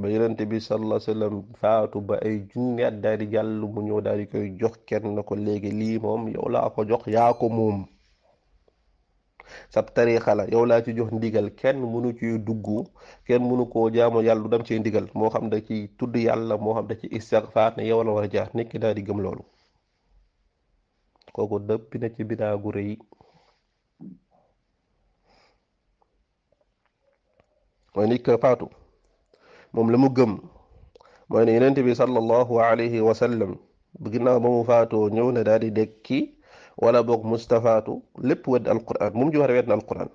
ba yonent bi sallallahu alayhi faatu ba ay junni at daal di jàll mu ñëw daal di koy jox kenn ko léegi lii moom yow laa ko jox yaa ko moom sab tariixa la yow laa ci jox ndigal kenn mënu ci dugg kenn mënu koo jaamu yàlla du dem ci ndigal moo xam da ci tudd yàlla moo xam da ci istixfaar ne yow la war a jaar nit ki daal di gëm loolu kooku dëppi na ci bidaa gu rëy mooy nit ka faatu moom la mu gëm mooy ne yonent bi sallallahu alayhi wa sallam mu faatoo ñëw na daal di dekki wala boog mustafaatu lépp wedd alquran moom ji war a wedd na alquran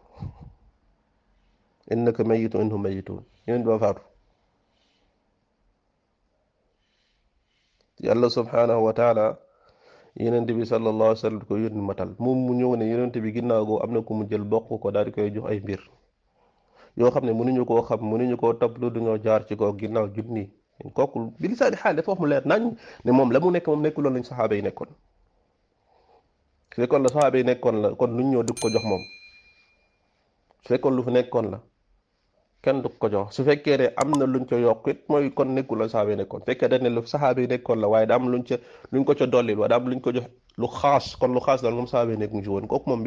mayitu innahum mayitun yonent ba faatu yàlla subhanahu wa taala yenent bi sallallahu alayhi wa sallam ko yónni matal moom mu ñëw ne yenent bi ginnaaw goo am na ko mu jël bokk ko daal di koy jox ay mbir yoo xam ne mënuñu koo xam mënuñu koo tablu duñoo jaar ci ko ginnaaw junni kooku bi lisaani xaal dafa wax mu leer nañ ne moom la mu nekk moom nekkul loolu lañ saxaaba yi nekkoon su fekkoon yi nekkoon la kon luñ ñëw di ko jox moom su lu fu nekkoon la kenn du ko jox su fekkee ne am na luñ ca yokk it mooy kon nekkul la saxaaba yi nekkoon fekkee dañ ne lu nekkoon la waaye da am luñ ca luñ ko jox lu xaas kon lu xaas daal moom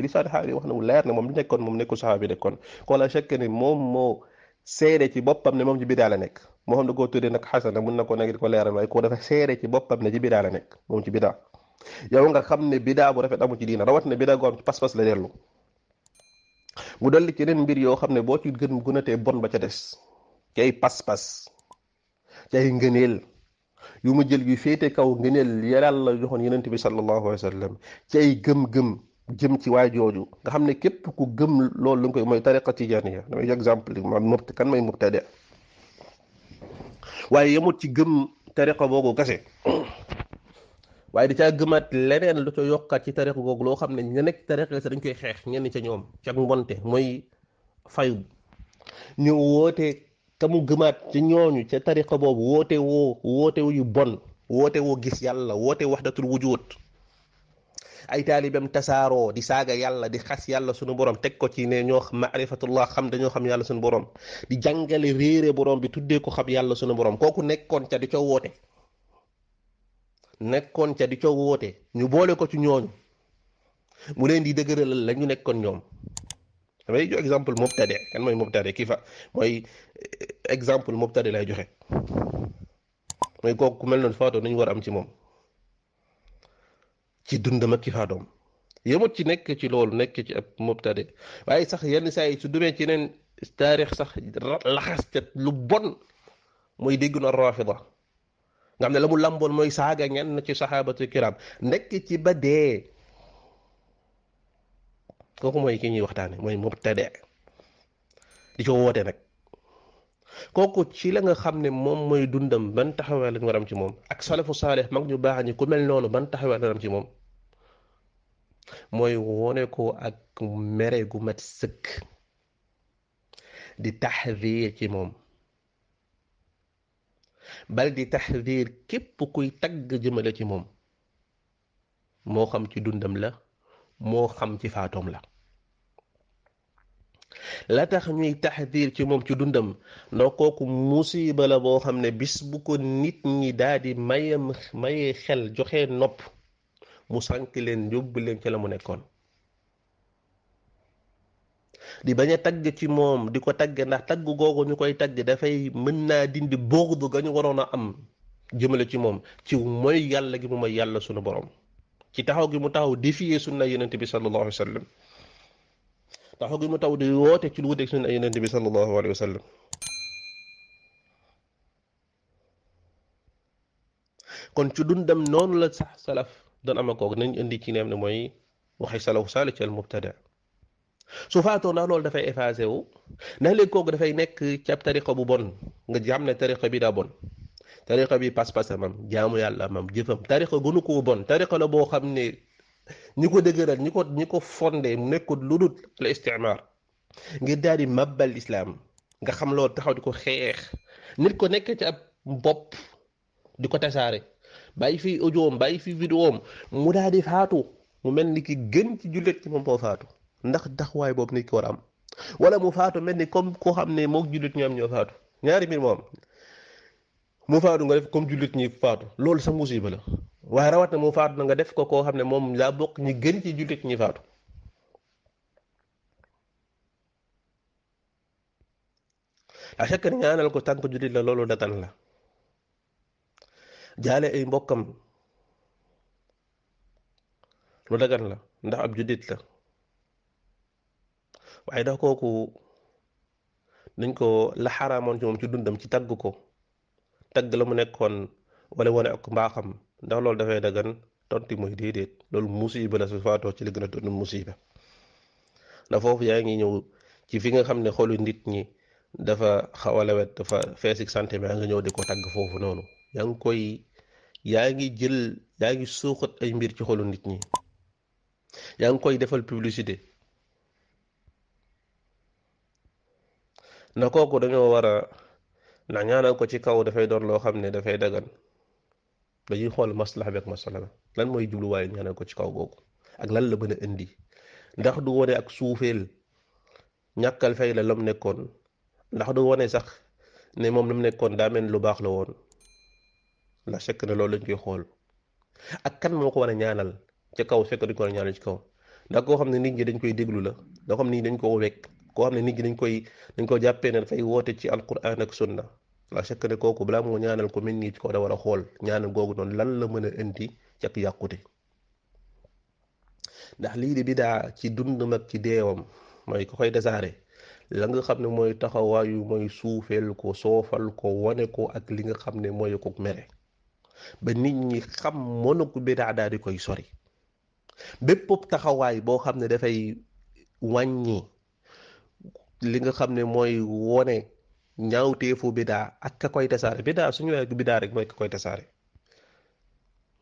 leer ne moom li nekkoon moom nekkul saxaaba la fekkee ne moom moo seede ci boppam ne moom ci bidaa nekk moo xam da koo tuddee nag xasana mun na ko nekk di ko leeral waaye ko dafa seede ci boppam ne ci bidaa la nekk moom ci bidaa yow nga ne bidaa bu rafet amu diina rawat ne bidaa goo am pas-pas la dellu mu dolli ci yeneen mbir yoo xam ne boo ci gën gën tee bon ba ca des ci ay pas-pas ci ay ngëneel yu mu jël yu féete kaw ngëneel yàlla joxoon yenent bi sallallahu alayhi wa sallam ci ay gëm-gëm jëm ci waay jooju nga xam ne képp ku gëm loolu lu nga koy mooy tariqa tijaaniya damay exemple ma mubt kan may mubtade waaye yemut ci gëm tariqa boobu kase waaye di caa gëmaat leneen lu ca yokkaat ci tariqa googu loo xam ne ña nekk tariqa sa dañ koy xeex ñenn ca ñoom ca mbonte mooy fayu ñu woote ka mu gëmaat ca ñooñu ca tariqa boobu woote woo woote wu bon woote woo gis yàlla woote waxdatul wujud ay taalibeem tasaaroo di saaga yàlla di xas yàlla sunu borom teg ko ci ne ñoo maarifatullah xam dañoo xam yàlla sunu borom di jàngale réere borom bi tuddee ko xam yàlla sunu borom kooku nekkoon ca di ca woote nekkoon ca di co woote ñu boole ko ci ñooñu mu leen di dëgëralal la ñu nekkoon ñoom damay jox exemple mubtade kan mooy mubtade kii fa mooy eh, exemple mubtade lay joxe mooy kooku ku mel noonu faatoo nañu war a am ci moom ci dundam ak ci faatoom yëmut ci nekk ci loolu nekk ci ab mubtade waaye sax yenn saa yi su dumee ci neen taarix sax laxas ca lu bon mooy dégg na rafida nga xam ne la mu lamboon mooy saaga na ci saxaabatu kiram nekk ci ba dee kooku mooy ki ñuy waxtaane mooy mubtade di ko woote nag kooku ci la nga xam ne moom mooy dundam ban taxawaay lañ waram ci moom ak salafu saalih mag ñu baax ñi ku mel noonu ban taxawaay waram ci moom mooy wone ko ak mere gu mat sëkk di taxdiir ci moom bal di taxdir képp kuy tagg jëmale ci moom moo xam ci dundam la moo xam ci faatoom la la tax ñuy taxdir ci moom ci dundam ndax kooku musiba la boo xam ne bis bu ko nit ñi daal di mayam maye xel joxe nopp mu sànk leen yóbbu leen ca la mu nekkoon di bañ a tagg ci moom di ko tagg ndax tagg googu ñu koy tagg dafay mën naa dindi bughd ga ñu waroon a am jëmale ci moom ci mooy yàlla gi mu may yàlla sunu borom ci taxaw gi mu taxaw défier sunna yonent bi sallallahu alayhi wa sallam taxaw gi mu taw di woote ci lu wuteeg sunna yonent bi sallallahu alayhi wa sallam kon ci dundam noonu la sax salaf doon ama koog nañ indi ci neem ne mooy waxi salafu saale ci al mubtada su faatoo naa loolu dafay effacé wu ndax léegi kooku dafay nekk ci ab tariqa bu bon nga jàmm ne tariqa bi daa bon tariqa bi pas-pasamam jaamu yàlla mam jëfam tariqa gënu ko bon tariqa la boo xam ne ñi ko dëgëral ñi ko ñi ko fondé nekkul lu dul al istimar ngir daal di mabbal islam nga xam loolu taxaw di ko xeex nit ko nekk ci ab bopp di ko tasaare bàyyi fi audio am bàyyi fi vidéo am mu daal di faatu mu mel ni ki gën ci jullit ci moom moo faatu ndax taxawaay boobu nit ko war am wala mu faatu mel ni comme koo xam ne moog jullit am ñoo faatu ñaari mbir moom mu faatu nga def comme jullit ñi faatu loolu sa musiba la waaye rawat na mu faatu na nga def ko koo xam ne moom laa bokk ñi gën ci jullit ñi faatu à ñaanal ko tànk jullit la loolu datan la jaale ay mbokkam lu dagan la ndax ab jullit la waaye dax kooku dañ ko la xaramoon ci moom ci dundam ci tagg ko tagg la mu nekkoon walla wane ak mbaaxam ndax loolu dafay dagan tonti mooy déedéet loolu musiba la su faatoo ci li gën a doon musiba ndax foofu yaa ngi ñëw ci fi nga xam ne xolu nit ñi dafa xaw a lawet dafa fees ak nga ñëw di ko tagg foofu noonu yaa ngi koy yaa ngi jël yaa ngi suuxat ay mbir ci xolu nit ñi yaa ngi koy defal publicité ndax kooku dañoo war a ndax ñaanal ko ci kaw dafay doon loo xam ne dafay dagan dañuy xool maslaha bi ak masala ba lan mooy jubluwaayu ñaanal ko ci kaw googu ak lan la mën a indi ndax du wone ak suufeel ñàkkal fay la lam nekkoon ndax du wone sax ne moom lam nekkoon daa mel lu baax la woon ndax fekk na loolu lañ koy xool ak kan moo ko war a ñaanal ci kaw fekk dañ ko war a ñaanal ci kaw ndax koo xam ne nit ñi dañ koy déglu la loo xam ni dañ koo wekk koo xam ne nit ñi dañ koy dañ ko jàppee ne dafay woote ci alquran ak sunna la chaque ne kooku balaa moo ñaanal ko mel nii ci kaw da war a xool ñaanal googu noonu lan la mën a indi ci ak yàqute ndax lii di bidaa ci dund mag ci deewam mooy ko koy desaare la nga xam ne mooy taxawaayu mooy suufeel ko soofal ko wane ko ak li nga xam ne mooy ko mere ba nit ñi xam mënu ko bidaa daal di koy sori bépp taxawaay boo xam ne dafay wàññi li nga xam ne mooy wone ñaawteefu bidaa ak ka koy tasaare bidaa suñu waxee bidaa rek mooy ka koy tasaare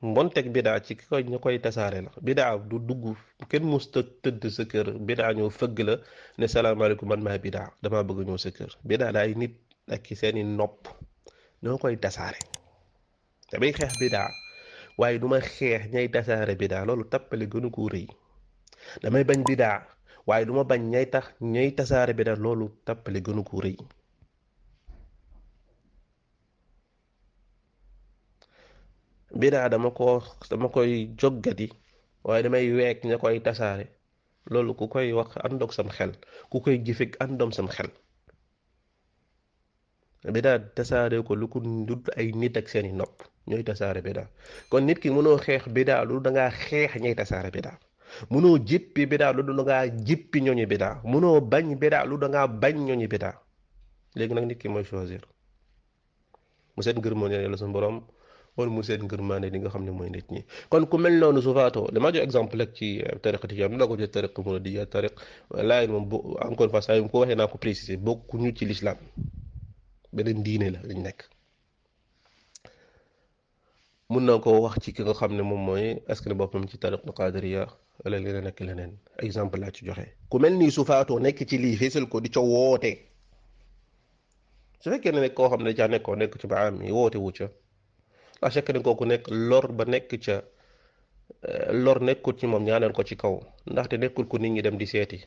mbonteeg bidaa ci ki koy ñu koy tasaare la bidaa du dugg kenn mus ta tëdd sa kër bidaa ñëw fëgg la ne salaamaaleykum man maa bidaa damaa bëgg ñëw sa kër bidaa ay nit ak seeni nopp ñoo koy tasaare damay xeex bidaa waaye du ma xeex ñay tasaare bidaa loolu tappale gënu ko rëy damay bañ bidaa waaye duma bañ ñay tax ñay tasaare bi da loolu tàppale gënu ko rëy bidaa dama ko dama koy joggati waaye damay week ña koy tasaare loolu ku koy wax àndoog sam xel ku koy jëfeg àndoom sam xel bidaa tasaare ko lu ko dul ay nit ak seeni nopp ñooy tasaare bidaa kon nit ki mënoo xeex bidaa lu dangaa xeex ñay tasaare bidaa munoo jéppi bidaa lu da ngaa jéppi ñooñu bidaa munoo bañ bidaa lu da ngaa bañ ñooñu bidaa léegi nag nit ki mooy choisir mu seet ngërmaande la suñu borom wala mu seet ngërmaande li nga xam ne mooy nit ñi kon ku mel noonu su faatoo damaa jox exemple rek ci euh, tariqa tijaan nu la ko jël tariqa muriidiyya tariq laayeen moom bu encore une fois saa yu ko waxee naa ko préciser bokkuñu ci l'islam beneen diine la lañ nekk mun naa koo wax ci ki nga xam ne moom mooy askan boppam ci tariqul qaadiriya wala li la nekk leneen exemple laa ci joxe. ku mel ni su faatoo nekk ci lii fésal ko di ca woote su fekkee ne nekk koo xam ne caa nekkoo nekk ci baam yi woote wu ca la chaque ne kooku nekk lor ba nekk ca eh, lor nekkul ci moom ñaanal ko ci kaw ndaxte nekkul ko nit ñi dem di seeti.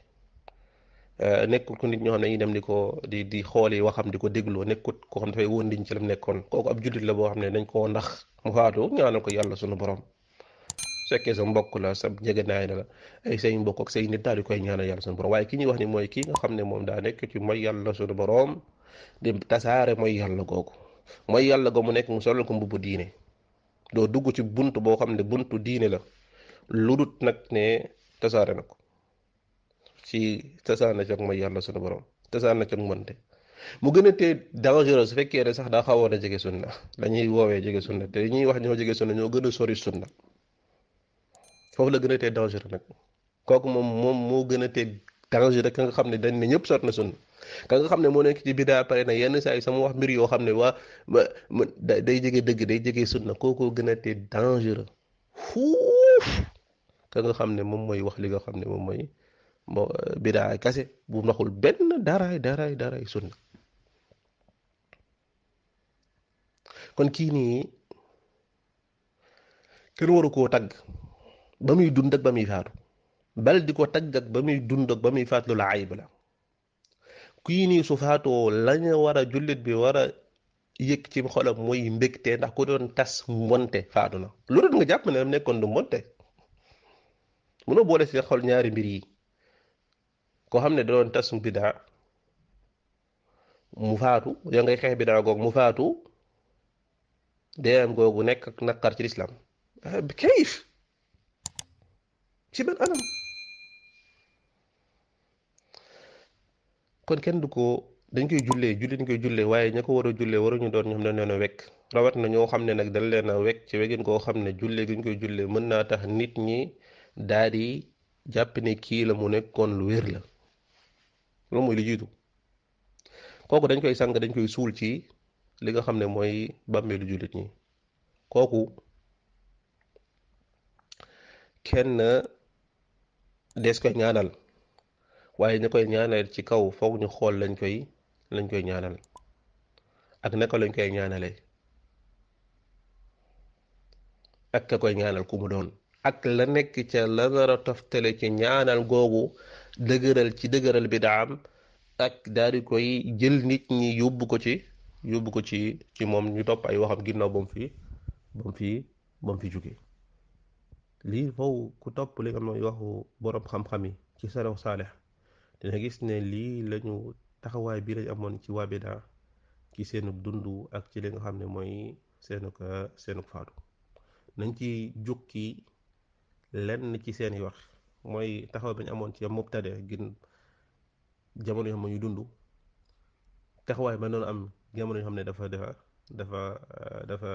Euh, nekkul ku nit ñoo xam ne dañuy dem di ko di di xooli waxam di ko dégloo nekkut koo xam dafay woon liñ ci lam nekkoon kooku ab jullit la boo xam ne dañ koo ndax mu faatu ko yàlla sunu borom su fekkee sa mbokk la sa jegenaay la ay say mbokk ak say nit daal koy ñaanal yàlla sunu borom waaye ki ñuy wax ni mooy kii nga xam ne moom daa nekk ci mooy yàlla sunu borom di tasaare mooy yàlla googu mooy yàlla go mu nekk mu solal ko mbubbu diine doo dugg ci bunt boo xam ne buntu diine la lu ludut nag ne tasaare na ko. ci tasaana ci ak mooy yàlla sunu borom tasaana ci ak mënte mu gën a tee dangereux su fekkee ne sax daa xawoon a jege sunna dañuy woowee jege na te ñuy wax ñoo jege sunna ñoo gën a sori sunna foofu la gën a tee nag kooku moom moom moo gën a tee dangereux ka nga xam ne dañ ne ñëpp sot na sunna ka nga xam ne moo nekk ci bidaa pare na yenn saa sama wax mbir yoo xam ne waa day jege dëgg day jege sunna kooku gën a tee dangereux fuuf ka nga xam ne moom mooy wax li nga xam ne moom mooy moo bidaa kase bu naxul benn daraay daraay daraay sunna kon kii nii kenn waru koo tagg ba muy dund ak ba muy faatu baldi ko tagg ak ba muy dund ak ba muy faatu la ayib la kii nii su faatoo lañu war a jullit bi war a yëg ci xolam mooy mbégte ndax ku doon tas mbonte faatu na loolu nga jàpp ne nekkoon du mbonte mënoo boole si xol ñaari mbir yi koo xam ne da doon tas bidaa mu faatu ya ngay xeex bidaa googu mu faatu deem googu nekk ak naqar ci lislaam ah, kayif ci ban anam kon kenn du ko dañ koy jullee julli dañ koy jullee waaye ña ko war a jullee waruñu doon ñoom dañ leen a na ñoo xam ne nag dañ leen a wekk ci wegin koo xam ne jullee gi koy jullee mën naa tax nit ñi daal jàpp ne kii la mu nekkoon lu wér la loolu mooy li jiitu kooku dañ koy sang dañ koy suul ci li nga xam ne mooy bàmmeelu jullit ñi kooku kenn des koy ñaanal waaye ñu koy ñaanal ci kaw foog ñu xool lañ koy lañ koy ñaanal ak naka lañ koy ñaanale ak ka koy ñaanal ku mu doon ak la nekk ca la nar a toftale ci ñaanal googu dëgëral ci dëgëral bidaam ak daal di koy jël nit ñi yóbbu ko ci yóbbu ko ci ci moom ñu topp ay waxam ginnaaw ba fi ba mu fi ba jóge lii fow ku topp li nga xam waxu boroom xam-xam yi ci salafu saalix dina gis ne lii lañu taxawaay bii lañ amoon ci waa bidaa ci seenu dund ak ci li nga xam ne mooy seenug seenu faatu nañ ci jukki lenn ci seeni wax mooy taxaw bi ñu amoon ci mubtade gin jamono yoo xam ne ñu dund taxawaay ba noonu am jamono yoo xam ne dafa dafa dafa dafa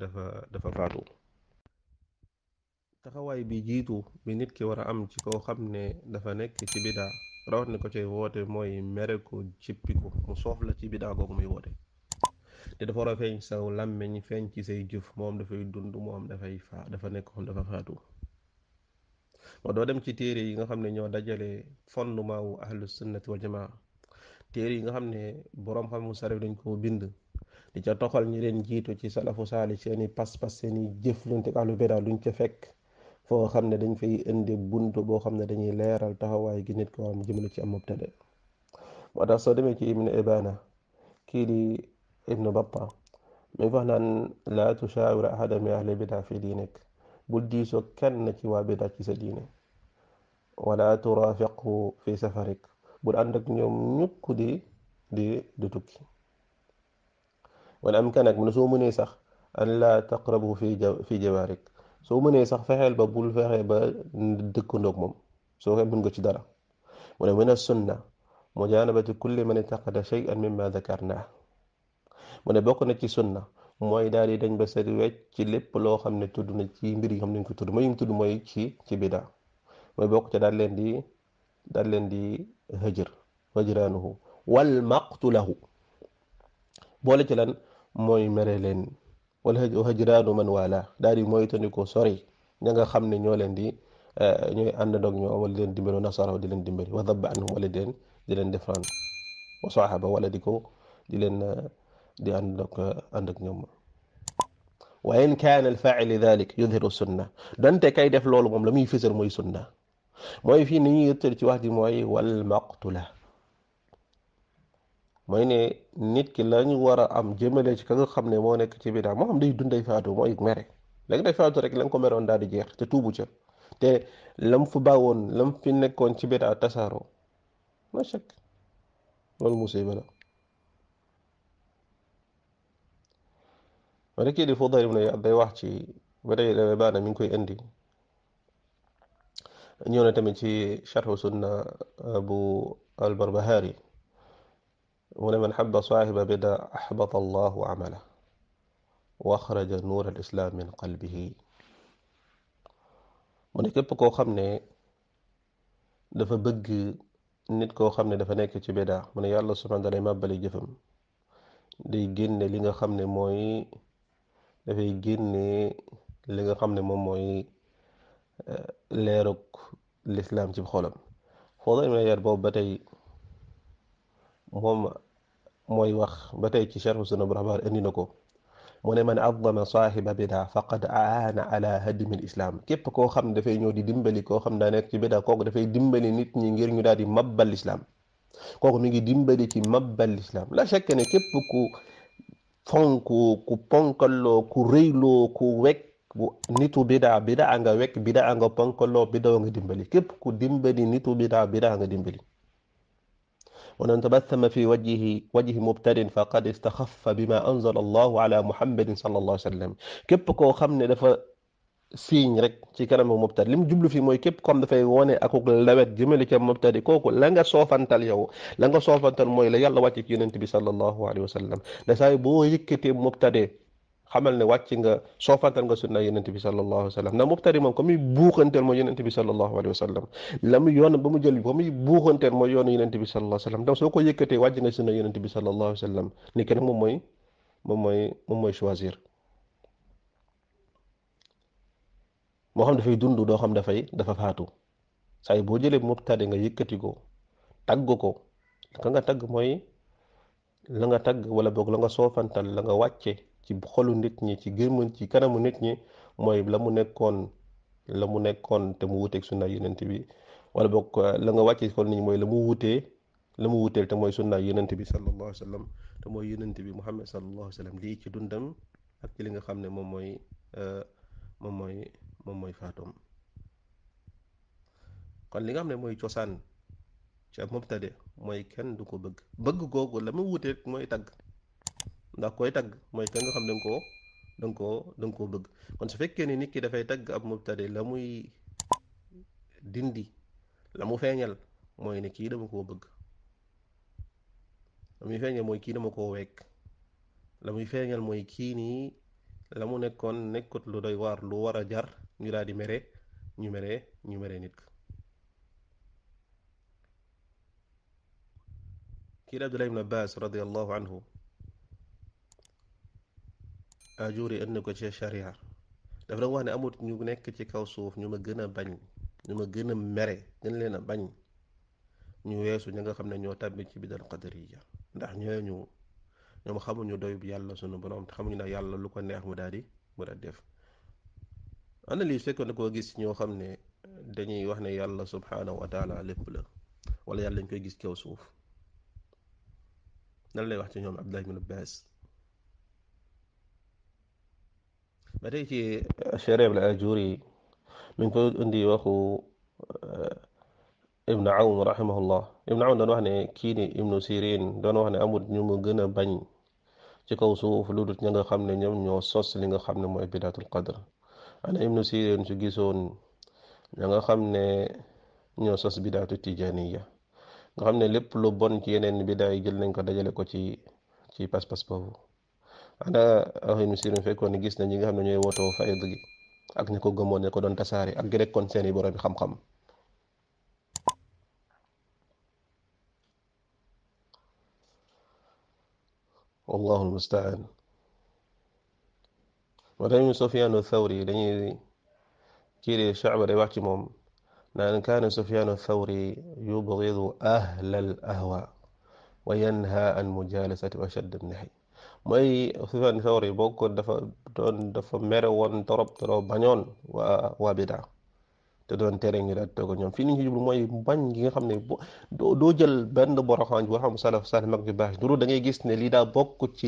dafa dafa faatu taxawaay bi jiitu bi nit ki war a am ci koo xam ne dafa nekk ci bidaa rawat ne ko cay woote mooy mere ko cippi ko mu soof la ci bidaa googu muy woote te dafa war a feeñ saw làmmeñ feeñ ci say jëf moom dafay dund am dafay faa dafa nekk moom dafa faatu odoo dem ci téere yi nga xam ne ñoo dajale fondement wu ahlu sunnati wal jamaa téere yi nga xam ne borom xam mu sarew dañ koo bind di ca toxal ñi leen jiitu ci salafu saali seen i pas-pas seen i jëf luñ tek ahlu bida luñ ca fekk foo xam ne dañ fay indi bunt boo xam ne dañuy leeral taxawaay gi nit ko am jëmale ci am tele moo tax soo demee ci ibne ibana kii di ibnu bappa mi fax naan laa tushaawira ahada mi ahli bida fi diinek bul diisoo kenn ci waa bida ci sa diine wala turafiqhu fi safarik bu ànd ak ñoom ñukk di di di tukki wala am kanak mu ne soo mënee sax an laa taqrabu fi fi jawaarik soo mënee sax fexeel ba bul fexe ba dëkkandoog moom soo koy mën nga ci dara mu ne min as-sunna mujanabatu kulli man itaqada shay'an mimma dhakarna mu ne bokk na ci sunna mooy daal di dañ ba set wecc ci lépp loo xam ne tudd na ci mbir yi xam nañ ko tudd mooy yi mu tudd mooy ci ci bidaa mooy bokk ca daal leen di daal leen di hëjër hëjraanuhu wal maqtulahu boole ci lan mooy mere leen wal hëjraanu man waala daal di moytandiku sori ña nga xam ne ñoo leen di ñooy àndandoog ñoo wala di leen dimbali nasara di leen dimbali wa dabba anhum wala di leen di leen defaan wa saxaaba wala di ko di leen di àndandoog ànd ak ñoom wa in kaana alfaailu dalik yudhiru sunna donte kay def loolu moom la muy fisal mooy sunna mooy fii ni ñuy yëttal ci wax ji mooy wal maqtula mooy ne nit ki lañu war a am jëmale ci ka xam ne moo nekk ci bidaa moo xam day dund day faatu mooy mere léegi day faatu rek la ko meroon daal di jeex te tuubu ca te lam fu bàwoon lam fi nekkoon ci bidaa tasaaroo ma chek loolu musiba la ma ne kii di Fudayl ibn Iyaad day wax ci ba day baana mi ngi koy indi ñëw na tamit ci sharxu sunna bu albarbahari mu ne man xaba saaxiba bida axbata allahu amala wa axraja nuur al islaam min qalbihi mu ne képp koo xam ne dafa bëgg nit koo xam ne dafa nekk ci bida mu ne yàlla subhaana taala màbbali jëfam day génne li nga xam ne mooy dafay génne li nga xam ne moom leerug lislaam ci xolam Fadil ibn Iyaad boobu ba tey moom mooy wax ba tey ci sharh Sunan Abu Rahmaan indi na ko mu ne man addama saahiba bidaa a aana ala hadmi lislaam képp koo xam ne dafay ñëw di dimbali koo xam daa nekk ci bidaa kooku dafay dimbali nit ñi ngir ñu daal di mabbal lislaam kooku mi ngi dimbali ci mabbal lislaam la shakk ne képp ku fonk ku ponkalloo ku rëyloo ku wekk bu nitu bidaa bidaa nga wekk bidaa nga ponkaloo bidaa nga dimbali képp ku dimbali nitu bidaa bidaa nga dimbali waman tabassama fi wajhi wajhi mubtadin faqad istaxaffa bima anzala allahu ala muhammadin sallallahu alayhi wa sallam képp koo xam ne dafa siiñ rek ci kanamu mubtadi li mu jublu fii mooy képp comme dafay wone akuk lawet jëmale ca mubtadi kooku la nga soofantal yow la nga soofantal mooy la yàlla wàcce ci yonent bi sallallahu alayhi sallam da saay boo yëkkatee mubtadi xamal ne wàcc nga soofantal nga sunna yonent bi sallallahu alayhi wa sallam ndax mubtadi moom ko muy buuxanteel mooy yonent bi sallallahu alayhi wa sallam la mu yoon ba mu jël ba muy buuxanteel mooy yoonu yonent bi sallallahu alayhi wa sallam donc soo ko yëkkatee wàcc nga sunna yonent bi wa sallam ni ke nag moom mooy moom mooy moom mooy choisir moo xam dafay dund doo xam dafay dafa faatu saa yi boo jëlee mubtadi nga yëkkati ko tagg ko ka nga tagg mooy la nga tagg wala boog la nga soofantal la nga wàcce ci xolu nit ñi ci gëmën ci kanamu nit ñi mooy la mu nekkoon la mu nekkoon te mu wuuteeg sunna yenent bi wala boog euh, la nga wàcce xol nit ñi mooy la mu wuutee la mu wutee te mooy sunna yonent bi sallallahu alayhi wa sallam te mooy yonent bi Muhammad sallallahu alayhi wa sallam lii ci dundam ak li nga xam ne moom mooy euh, moom mooy moom mooy faatoom kon li nga xam ne mooy cosaan ca mubtade mooy kenn du ko bëgg bëgg googu la mu wuuteeg mooy tagg ndax koy tagg mooy ka nga xam da koo da koo da koo bëgg kon su fekkee ni nit ki dafay tagg ab mubtadi la muy dindi la mu feeñal mooy ne kii dama koo bëgg la muy feeñal mooy kii dama koo wekk la muy feeñal mooy kii nii la mu nekkoon nekkut lu doy waar lu war a jar ñu daal di mere ñu mere ñu mere nit ko kii la Abdullah ibn Abbas radiyallahu anhu ajuri na ko ci sharia dafa doon wax ne amut ñu nekk ci kaw suuf ñu ma gën a bañ ñu ma gën a mere gën leen a bañ ñu weesu ña nga xam ne ñoo tàbbi ci bidal qadariya ndax ñu ñoom xamuñu doyub yàlla sunu borom te xamuñu ne yàlla lu ko neex mu daal di mu daal def ana lii fekkoon na koo gis ñoo xam ne dañuy wax ne yàlla subhanahu wa taala lépp la wala yàlla dañ koy gis kaw suuf nan lay wax ci ñoom Abdullah ibn bees ba tey ci Chérif la Ajuri mi ngi koy indi waxu Ibn Awn rahimahullah Ibn Awn doon wax ne kii ni Ibnu Sirin doon wax ne amul ñu mu gën a bañ ci kaw su lu dul ña nga xam ne ñoom ñoo sos li nga xam ne mooy bidaatul qadr ana Ibnu Sirin su gisoon nga xam ne ñoo sos bidaatu tijaniya nga xam ne lépp lu bon ci yeneen bidaa yi jël nañ ko dajale ko ci ci pas-pas أنا ahin sirin fekkon ni gis na ñi nga xam ñoy woto fa yedd gi ak ñi ko gëmmo ne ko don والله المستعان ورمي سفيان الثوري لني كيري شعب رواتي موم لأن كان سفيان الثوري يبغض أهل الأهواء وينهى عن مجالسة أشد النحي mooy Sufyaan Sawri boo ko dafa doon dafa mere woon torop torop bañoon waa waa bida te doon tere ñu daal ko ñoom fii ni ñu jublu mooy bañ gi nga xam ne doo jël benn boroxaan boo xam salaf salih mag ju baax duru da ngay gis ne lii daa bokk ci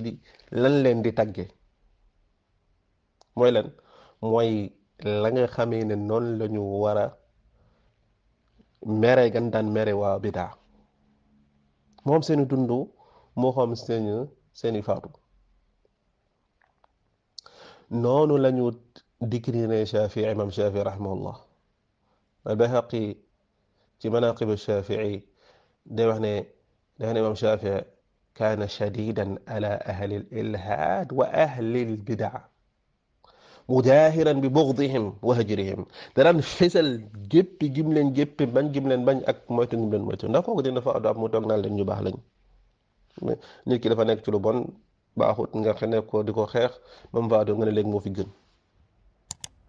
lan leen di tagge mooy lan mooy la nga xamee ne noonu la ñu war a mere gan daan mere waa bida moom seeni dund moo xam seeni faatu نون لن يذكرين شافعي امام شافعي رحمه الله البهقي في مناقب الشافعي ده امام شافعي كان شديدا على اهل الإلهاد واهل البدع مداهرا ببغضهم وهجرهم دران فيسل جيب جملن جيب بان جملن بان اك موت جملن موت نكو دين فا دا مو توك نال نيو باخ لاني نيت كي بون baaxut nga xene ko di ko xeex même va doon nga moo fi gën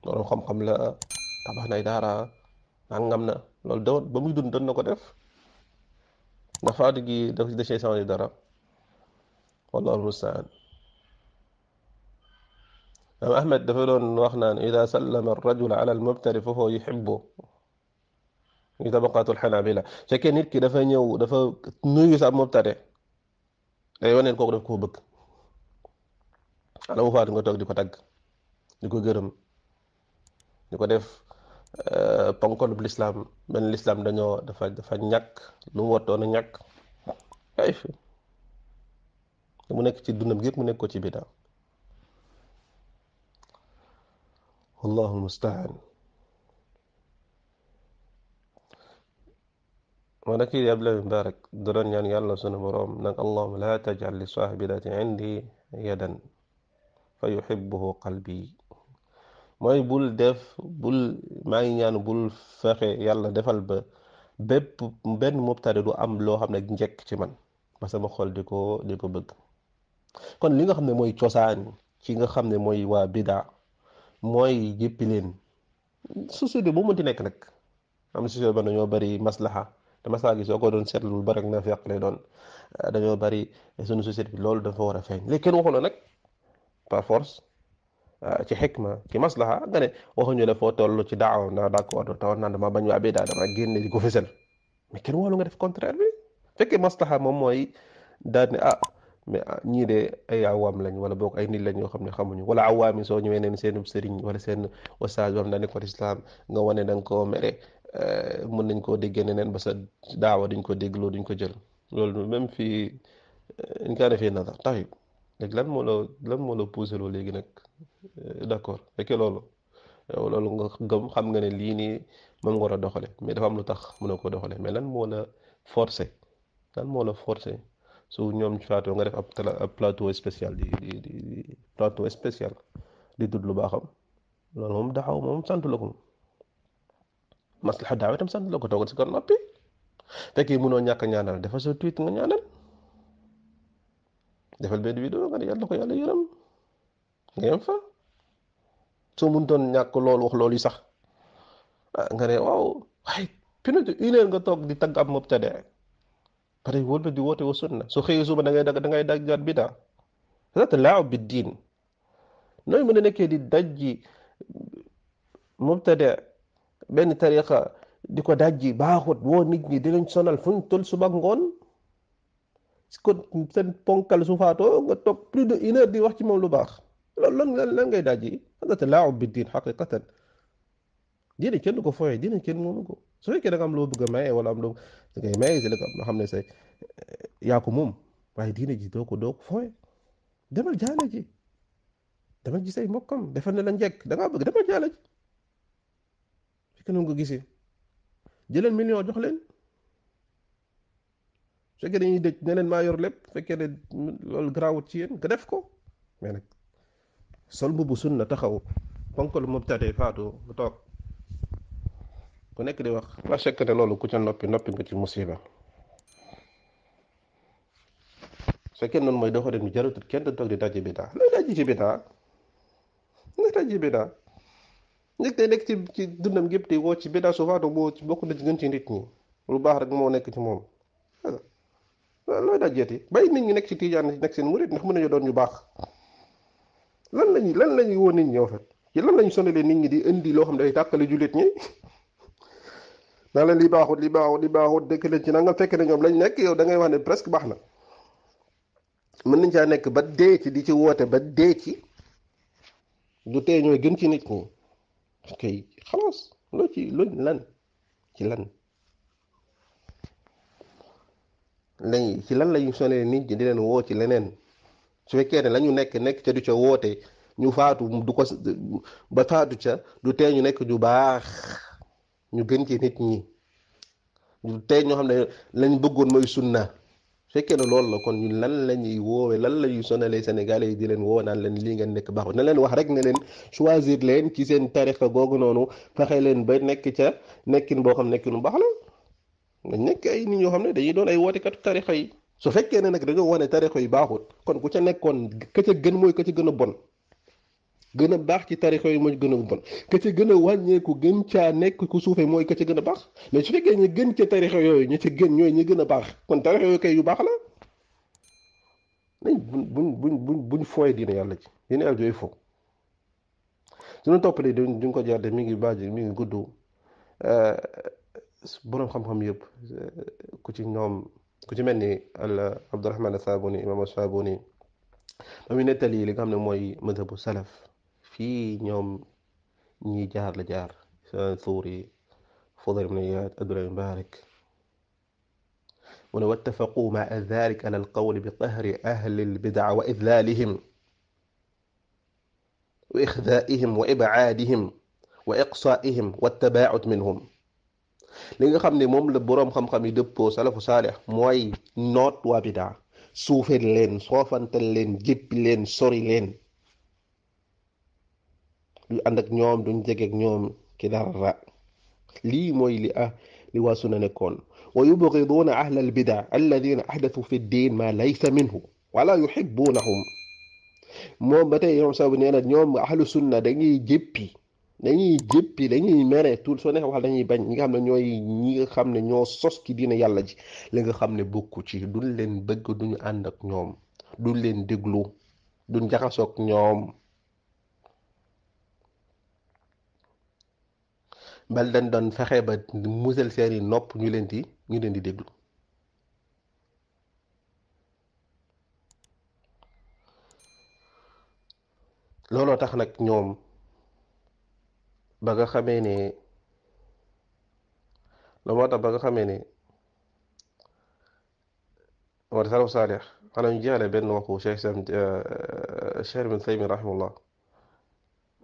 loolu xam-xam la tabax nay daara nangam na lool da ba muy dund doon na ko def ndax faatu gi da da cee dara wallahu mustaan am Ahmed dafa doon wax naan ida sallama arrajul ala almubtari fa huwa yuhibbu ñu tabaqaatul xanaabila fekkee nit ki dafa ñëw dafa nuyu sa mubtare day waneen kooku daf koo bëgg la mu faatu nga toog di ko tagg di ko gërëm di ko def eh, ponkol bu lislaam mel lislaam dañoo dafa dafa ñàkk lu eh, mu wartoon a ñàkk ay fi mu nekk ci dundam gi mu nekk ko ci bida wallahu almustaan moo nag kii abdullah mubarak da doon ñaan yàlla sunu borom nag allahuma la tajal li saaxibi daati indi yadan fa yuhibbuhu qalbi mooy bul def bul maa ngi ñaan bul fexe yàlla defal ba bépp benn mubtadi du am loo xam ne njëkk ci man ba sama xol di ko di ko bëgg kon li nga xam ne mooy cosaan ci nga xam ne mooy waa bida mooy jëpp leen société bu mënti nekk nag am na société ba dañoo bari maslaha te maslaha gi soo ko doon seetlu lu bari na fekk lay doon dañoo bari sunu société bi loolu dafa war a feeñ léegi kenn waxu la par force euh, ci xikma ci maslaha nga ne waxuñu la foo toll ci daaw na d'accord tawa naa dama bañ waa bi daal dama génne di ko fësal mais kenn wóolu nga def contraire bi fekkee maslaha moom mooy daal ne ah mais ah, ñii de ay awaam lañ wala boog ay nii lañ yoo xam ne xamuñu wala awaami soo ñëwee neen seen sëriñ wala seen wasaaj boo ne daa nekkoon islam nga wane da koo mere euh, mën nañ koo déggee neneen ba sa daawa duñ ko déggloo duñ ko jël loolu même fii euh, in kaana fii nadar taxib léegi lan moo la lan moo la poussé loo léegi nag euh, d'accord fekke loolu yow loolu nga gëm xam nga ne lii nii moom nga war a doxale mais dafa am lu tax mënoo ko doxale mais lan moo la forcé lan moo la forcé su ñoom faatoo nga def ab ab plateau spécial di di di plateau spécial di tudd lu baaxam loolu moom daxaw moom sant la ko maslaxa daaw itam sant la ko toogal si noppi fekkee mënoo ñàkk ñaanal dafa sa tweet nga ñaanal defal benn doo nga ne yàlla ko yàlla yërëm nga yem fa soo mun doon ñàkk lool wax loolu sax ah nga ne waaw waaye pinut une nga toog di tagg ab mubtade pare wóolu di woote wa na su xëyee suba da ngay da ngay dajjaat bidaa laa bi diin nooy mën a nekkee di daj mubtade benn tariqa di ko dajji baaxut woo nit ñi di leen sonal fuñ tol suba ngoon kon seen ponkal sufaatoo nga toog plus de une heure di wax ci moom lu baax loolu lan lan lan ngay daaj yi xam nga te laa ubbi diin diine kenn ko fooyee diine kenn moomu ko su fekkee da nga am loo bëgg a maye wala am loo da ngay maye si la nga xam ne say eh, yaa ko moom waaye diine ji doo ko doo ko fooyee demal jaale ji demal ji say mbokkam defal ne la njekk da ngaa bëgg demal jaale ji fekk noonu nga gisee jëleen million jox leen. su fekkee dañuy dëj ne maa yor lépp su fekkee ne loolu garaawut ci yéen nga def ko mais nag sol mbubu sunna taxaw ponkalu mubtade faatu nga toog ku nekk di wax la fekk loolu ku ca noppi noppi nga ci musiba su fekkee noonu mooy doxalin bi jarutul kenn du toog di dajji bidaa lay dajji ci bidaa lay dajji bidaa njëkk day ci ci dundam gépp te woo ci bidaa su faatu boo bokk na ci gën ci ñi lu baax rek moo nekk ci moom looy dajeeti bay nit ñi nekk ci tiijaan nekk seen murit ndax mën nañu doon ñu baax lan lañ lan lañuy woo nit ñi en fait ci lan lañ sonalee nit ñi di indi loo xam ne day tàkkale jullit ñi [LAUGHS] naa leen li baaxut li baaxut li baaxut dëkk leen ci nangam fekk na ñoom lañ nekk yow da ngay wax ne presque baax na mën nañ caa nekk ba dee ci di ci woote ba dee ci du tee ñooy gën ci nit ñi ok xalaas loo ci luñ lan ci lan lañ ci lan la ñu sonee nit ñi di leen woo ci leneen su fekkee ne la ñu nekk nekk ca du ca woote ñu faatu du ko ba faatu ca du tee ñu nekk ñu baax ñu gën ci nit ñi du tee ñoo xam ne lañ bëggoon mooy sunna su fekkee ne loolu la kon ñun lan la ñuy woowee lan la ñuy sonalee Sénégalais yi di leen woo naan leen lii ngeen nekk baaxul na leen wax rek ne leen choisir leen ci seen tarixa googu noonu fexe leen ba nekk ca nekkin boo xam nekkin bu baax la. nga nekk ay nit ñoo xam ne dañuy doon ay wootekatu tarixa yi su fekkee ne nag dañoo wane tarixa yi baaxut kon ku ca nekkoon ka gën mooy ka ca gën a bon gën a baax ci tarixa yi mooy gën a bon ka ca gën a wàññeeku gën caa nekk ku suufee mooy ka ca gën a baax mais su fekkee ni gën ca tarixa yooyu ñu ca gën ñooy ñu gën a baax kon tarixa yooyu kay yu baax la nañ buñ buñ buñ buñ buñ fooye diine yàlla ci yéen yàlla jooy foo suñu toppalee duñ ko jaar de mi ngi baaji mi ngi gudd euh, سبورم خمخم يب كوتي نوم كوتي ملني عبد الرحمن الثابوني امام الصابوني مامي nettali li nga xam ne mooy madhabu salaf fii ñoom ñi jaar la jaar thuuri fudal ibn iyad abdullah ibn barik من واتفقوا مع ذلك على القول بقهر أهل البدع وإذلالهم وإخذائهم وإبعادهم وإقصائهم والتباعد منهم li nga xam ne moom la boroom xam-xam yi dëppoo salafu saalix mooy noot waa bidaa suufeel leen soofantal leen jéppi leen sori leen lu ànd ak ñoom duñ jege ak ñoom ki dara lii mooy li ah li waa sunna nekkoon wa yubgiduuna ahla albidaa alladina ahdathu fi diin ma laysa minhu wala yuhibbunahum moom ba tey yoom sabu nee ñoom ahlu sunna dañuy jéppi dañuy jéppi dañuy mere tout soo nekkee wax dañuy bañ ñi nga xam ne ñooy ñi nga xam ne ñoo sos ci diine yàlla ji li nga xam ne bokku ci du leen bëgg duñu ànd ak ñoom du leen déglu duñ jaxasoog ñoom bal dañ doon fexe ba musal seeni nopp ñu leen di ñu leen di déglu looloo tax nag ñoom ba nga xamee ne la moo tax ba nga xamee ne ورد سلف صالح أنا من جهة بين وقو شيخ سم الشهر بن ثيمين رحمه الله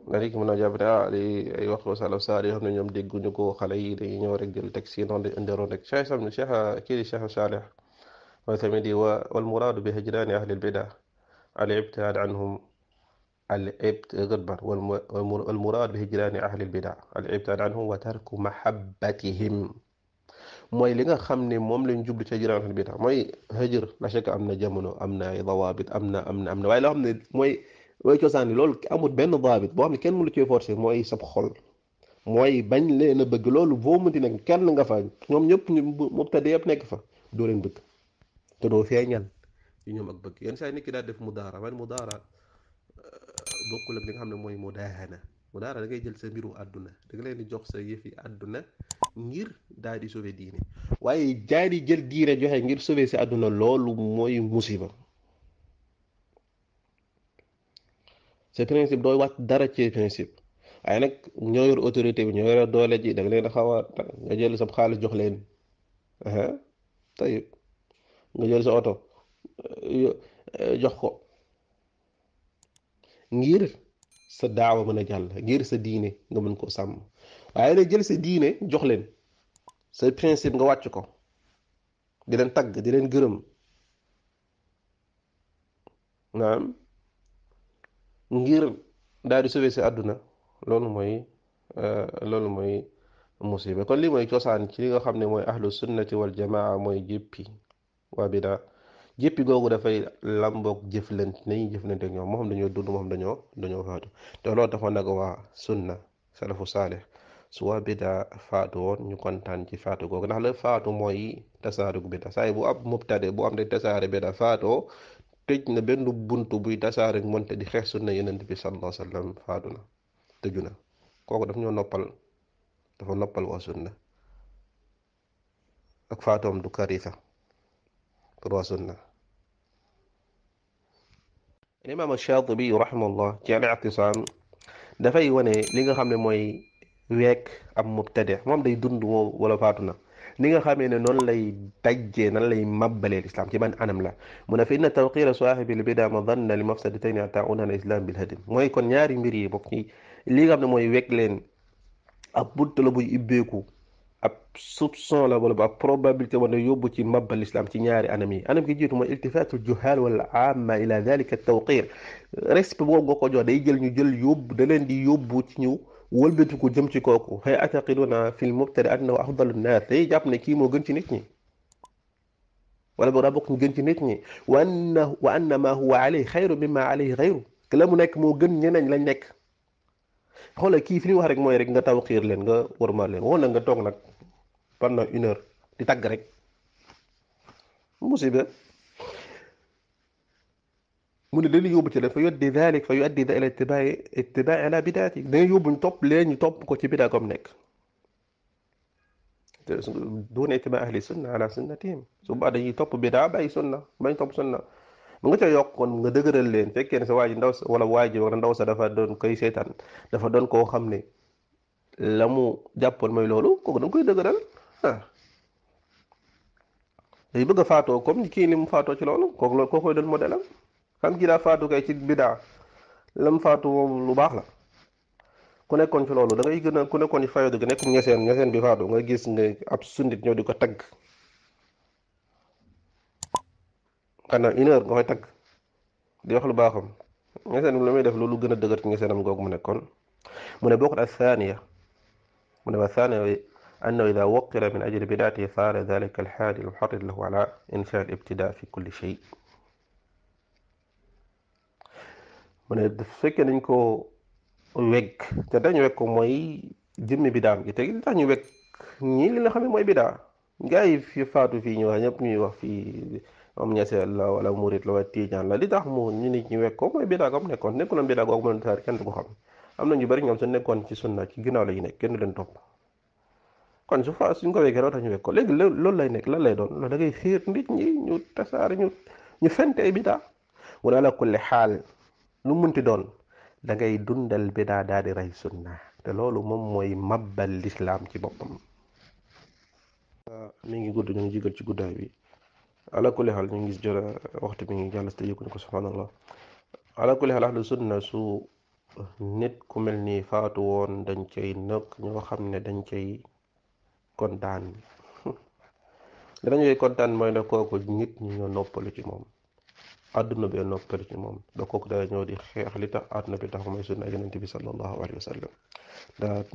نريك من جابر لي أي وقو سلف صالح من يوم ديجو نكو خلي دي نورك دي التكسين عندرونك شيخ سم الشيخ أكيد الشيخ صالح وثمدي والمراد بهجران أهل البدع الابتعاد عنهم الابتعاد والمراد بهجران أهل البدع الابتعاد عنهم وترك محبتهم mooy li nga xam ne moom lañ jublu ca jiraan al bida mooy hëjër la chek am na jamono am na ay dawaabit am na am na am na waaye loo xam ne mooy mooy cosaan ni loolu amul benn dawaabit boo xam ne kenn mënu cee forcer mooy sab xol mooy bañ leen bëgg loolu boo mënti kenn nga fa ñoom ñëpp ñu mubtadi yëpp nekk fa doo leen bëgg te doo feeñal ñoom ak bëgg yenn saa yi nit ki daal def mudaara man mudaara bokkul ak li nga xam ne mooy mudaahana mudaahana da ngay jël sa mbiru àdduna da leen di jox sa yëfi àdduna ngir daal di sauver diine waaye jaay di jël diine joxe ngir sauver si àdduna loolu mooy musiba c'est principe dooy wàcc dara ci principe waaye nag ñoo yor autorité bi ñoo yor doole ji da nga leen a xaw a nga jël sa xaalis jox leen tayib nga jël sa oto jox ko ngir sa daawa mën a jàll ngir sa diine nga mën koo sàmm waaye nag jël sa diine jox leen say principe nga wàcc ko di leen tagg di leen gërëm naam ngir daal di sauver si àdduna loolu mooy euh, loolu mooy musiba kon lii mooy cosaan ci li nga xam ne mooy ahlu sunnati wal jamaa mooy jéppi waa bidaa jéppi googu dafay làmboog jëflante nañuy jëflante ak ñoom moo xam dañoo dund moo xam dañoo dañoo faatu te loolu taxoon nag waa sunna salafu saalih su waa bida faatu woon ñu kontaan ci faatu googu ndax la faatu mooy tasaarug bida saa yi bu ab mubtade bu am de tasaare bida faatoo tëj na benn buntu buy tasaare monte di xeex sunna yonent bi sallallahu alayhi wa sallam faatu na tëju na kooku daf ñoo noppal dafa noppal waa sunna ak faatoom du karifa السنة imaam Shaatibi rahimahullah ci al-I'tisaam dafay wone li nga xam ne mooy week am mubtadi moom day dund woo wala faatu na ni nga xam ne noonu lay dajjee nan lay mabbalee lislaam ci ban anam la mu ne fa inna tawqiira la bidaa madanna li mafsadatayni yata'uuna al-islaam bil hadim mooy kon ñaari mbir yi bokk li xam ne mooy week leen ab bunt la buy ibbeeku ab soupçon la wala ba ab probabilité wala yóbbu ci mabba l'islam ci ñaari anam yi anam gi jiitu mooy iltifaatul juhaal wala amma ila dalika tawqir respect boobu ko jox day jël ñu jël yóbbu da leen di yóbbu ci ñu wëlbati jëm ci kooku xëy ataqiduna fi l mubtadi annahu afdalu nnaas day jàpp ne kii moo gën ci nit ñi wala boog daa bokk ñu gën ci nit ñi wa anna wa anna ma huwa alayhi xayru mimma alayhi xayru te la mu nekk moo gën ñeneen lañ nekk xoolal kii fi ñu wax rek mooy rek nga tawqiir leen nga warmaal leen wala nga toog nag pendant une di tagg rek musiba mu ne dañuy yóbbu ci dafa yoddi dalik fa yuaddi ila ittibaai ittibaai ala bidaati yóbbu ñu topp leen ñu topp ko ci bidaa comme nekk duuna ittiba ahli sunna ala sunnatihim su baax dañuy topp bidaa bàyyi sunna bañ topp sunna mu nga ca yokk kon nga dëgëral leen fekkee ne sa waa ji ndaw sa wala waaj ji wala ndaw sa dafa doon koy seetaan dafa doon koo xam ne la mu jàppoon mooy loolu kooku da nga koy dëgëral day bëgg a faatoo comme kii ni mu faatoo ci loolu kooku loolu koo koy doon modèle am xam kii daa faatu kay ci bidaa lam faatu moom lu baax la ku nekkoon ci loolu da gën a ku nekkoon ci fayadu gi nekkum ñeseen ñeseen bi faatu nga gis nga ab sundit ñëw di ko tagg xanaa une heure nga koy tagg di wax lu baaxam ñeseen bi lu muy def loolu gën a dëgër ci ñeseenam googu mu nekkoon mu ne bokkut ak saaniya mu ne wa saaniya annahu ida wuqira min ajli bidaatihi saara dalika alxaadi almuxarid lahu ala insha al ibtida fi kulli shay mu ne su fekkee dañ ko weg te dañ weg ko mooy jëmmi bidaam gi te li ñu weg ñii li nga xam ne mooy bidaa gaa yi fi faatu fii ñu wax ñëpp ñuy wax fii am ñeseel la wala murit la wala la li tax mu ñu nit ñi weg ko mooy bidaa ko mu nekkoon nekkuloon bidaa googu mën a tasaar kenn du xam am na ñu bari ñoom su nekkoon ci sunna ci ginnaaw la ñu nekk kenn du leen topp kon je crois suñ ko wekkee raw tax léegi loolu lay nekk lan lay doon loolu da ngay xiir nit ñi ñu tasaare ñu ñu fente ay bidaa wala ala xaal lu munti doon dangay ngay dundal bidaa daal di rey sunna te loolu moom mooy mabbal lislaam ci boppam mi ngi gudd ñu ngi jigal ci guddaay bi ala xaal ñu ngi gis jëla waxtu bi ngi ko subhaanallah ala kulli xaal ahlu sunna su nit ku nii faatu woon dañ cay nëkk ñoo xam ne dañ cay kontaan li tax ñuy kontaan mooy ne kooku nit ñi ñoo noppalu ci moom àdduna bee noppalu ci moom da kooku daa ñëw di xeex li tax àdduna bi taxu may sunna yonent bi sallallahu alayhi wa sallam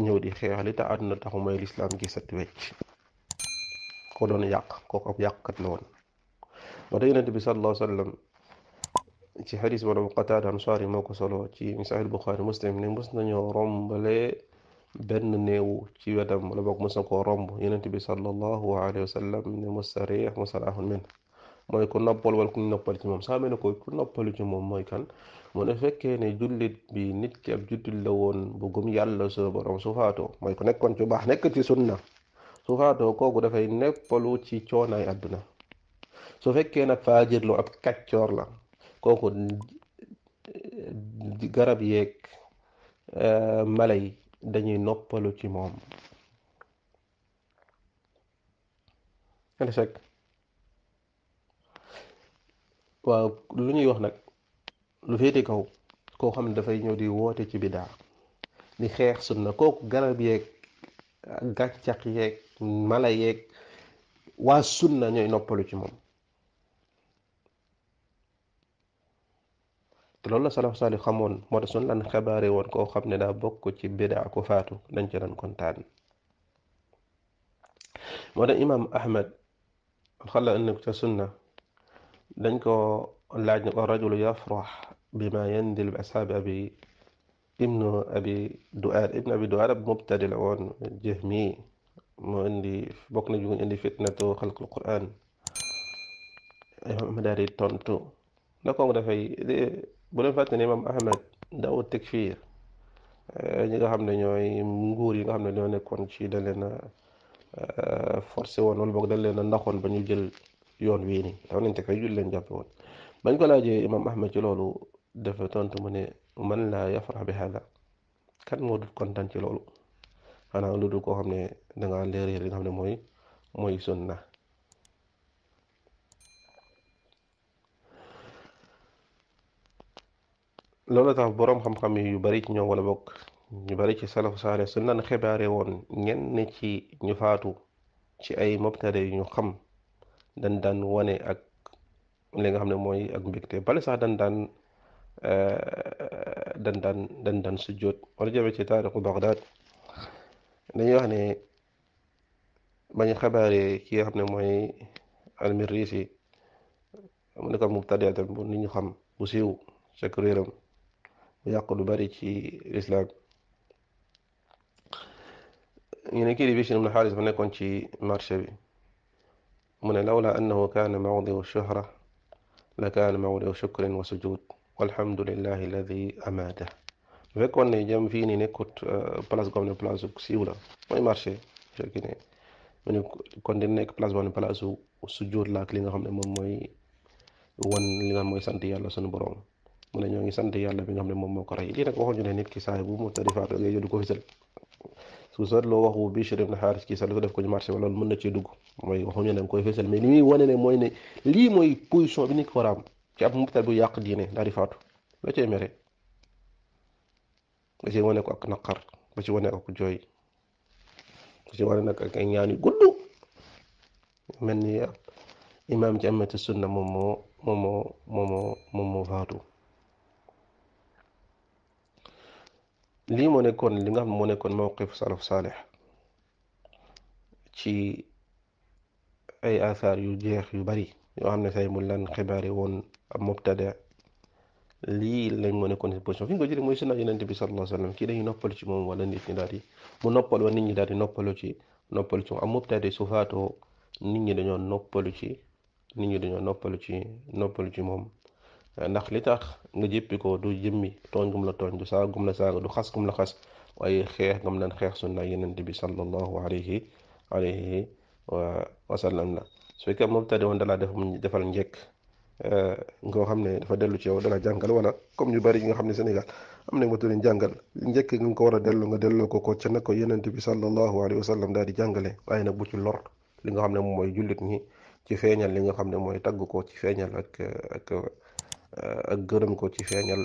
ñëw di xeex li tax àdduna taxu mooy lislaam gi set wecc ko doon yàq kooku ab yàqkat la woon moo tax yonent bi sallallahu alayhi wa sallam ci xadis ba Qataada Ansaari moo ko solo ci Sahih Buxaari Muslim ne mos nañoo rombale benn néew ci wetam wala boog mos na koo romb yonent bi sallallahu alayhi wa sallam ne mustarih mustarahun min mooy ku noppal wala ku noppal ci moom saa mel ne ko ku noppalu ci moom mooy kan mu ne fekkee ne jullit bi nit ki ab jullit la woon bu gëm yàlla su borom su faatoo mooy ku nekkoon ci baax nekk ci sunna su faatoo kooku dafay noppalu ci coonaay àdduna su fekkee nag faajir lu ab kàccoor la kooku eh, garab yeeg eh, mala yi dañuy noppalu ci moom échec waaw lu ñuy wax nag lu féete kaw koo xam ne dafay ñëw di woote ci bidaa di xeex sunna kooku garab yeeg gàncax yeeg mala yeeg waa sunna ñooy noppalu ci moom te loolu la salaf saalih xamoon moo tax suñ lan xabaare woon koo xam ne daa bokk ci bidaa ko faatu dañ ca doon kontaan moo tax imaam ahmad xala ënna ca sunna dañ ko laaj ne ko rajulu yafrax bima yandil bi ashaabi abi ibnu ab mubtadi la woon jahmi moo indi bokk na juguñ indi fitnatu xalqul quran imaam ahmad daal tontu bu leen fàtte ne imaam Ahmed daawu tekfir eh, ñi nga xam ne ñooy nguur yi nga xam ne ñoo nekkoon ci dañ leen a eh, forcé woon wala boog dañ leen a ndaxoon ba ñu jël yoon wii nii dafa nañ teg ay jul leen jàppe woon bañ ko laajee imaam Ahmed ci loolu dafa tontu mu ne man laa yafrax bi hada kan moo dul kontaan ci loolu xanaa lu dul koo xam ne da ngaa leer li nga xam ne mooy mooy sunna loolu tax boroom xam-xam yu bari ci ñoom wala bokk ñu bari ci salafu saale su nan xibaare woon ne ci ñu faatu ci ay mobtade yu ñu xam dañ daan wane ak li nga xam ne mooy ak mbégte bale sax dañ eh, dañ daan dañ daan sujjóot wala jëmee ci taarixu Bagdaad dañuy wax ne bañu xabaare ki nga xam ne mooy almirisi mu nekk mubtadi bu nit ñu xam bu siiw ca kuréelam yàq lu bari ci lislaam ñu ne kii di Bishr ibn Xaaris bu nekkoon ci marché bi mu ne lawla annahu kaana mawdiu shuhra la kaana mawdiu shukrin wa sujud walhamdulillahi alladi amaata bu fekkoon ne jëm fii nii nekkut uh, place gom ne place mooy marché fekki ne kon dina nekk place boo xam su sujud la li nga xam ne moom mooy wan li nga mooy sant yàlla sunu borom mu ne ñoo ngi sant yàlla bi nga xam ne moom moo ko rey lii nag waxuñu ne nit ki saay bu mu tari faatu ngay yódu ko fisal su sat loo waxu Bishr ibn Haaris kii sax dafa def ko ñu marché ba loolu mën na cee dugg mooy waxuñu ne danga koy fisal mais li muy wane ne mooy ne lii mooy position bi nit ko war a am ci ab mubtal bu yàq diine daal di faatu la cay mere da ci wane ko ak naqar da ci wane ko ak jooy da ci wane nag ak ay ñaan yu gudd mel ni imaam ci amati sunna moom moo moom moo moom moo moom moo faatu lii moo nekkoon li nga xam moo nekkoon mawqif salaf saalix ci ay athar yu jeex yu bari yoo xam ne say mu lan xibaari woon ab mubtada lii lañ moo nekkoon si position fi ñu ko jëlee mooy sunna yonente bi sallallahu alayhi wa sallam kii dañuy noppalu ci moom wala nit ñi daal di mu noppal wa nit daal di ci noppalu ci am mubtada su faatoo nit ñi dañoo noppalu ci nit ñi dañoo noppalu ci noppalu ci moom ndax li tax nga jéppi ko du jëmmi tooñ gum la tooñ du saaga gum la saaga du xas gum la xas waaye xeex gum leen xeex sunna yenent bi sallallahu alayhi alayhi wa sallam la su fekkee mubtadi woon dalaa def mu defal njëkk eh, nga xam ne dafa dellu ci yow dala jàngal wala comme ñu bari yi nga xam ne Sénégal am na nga tudd jàngal njëkk nga ko war a dellu nga delloo ko ko ca na ko yenent bi sallallahu alayhi wa sallam daal di jàngale waaye nag bu ci lor li nga xam ne moom mooy jullit ñi ci feeñal li nga xam ne mooy tagg ko ci feeñal ak ak gërëm ko ci feeñal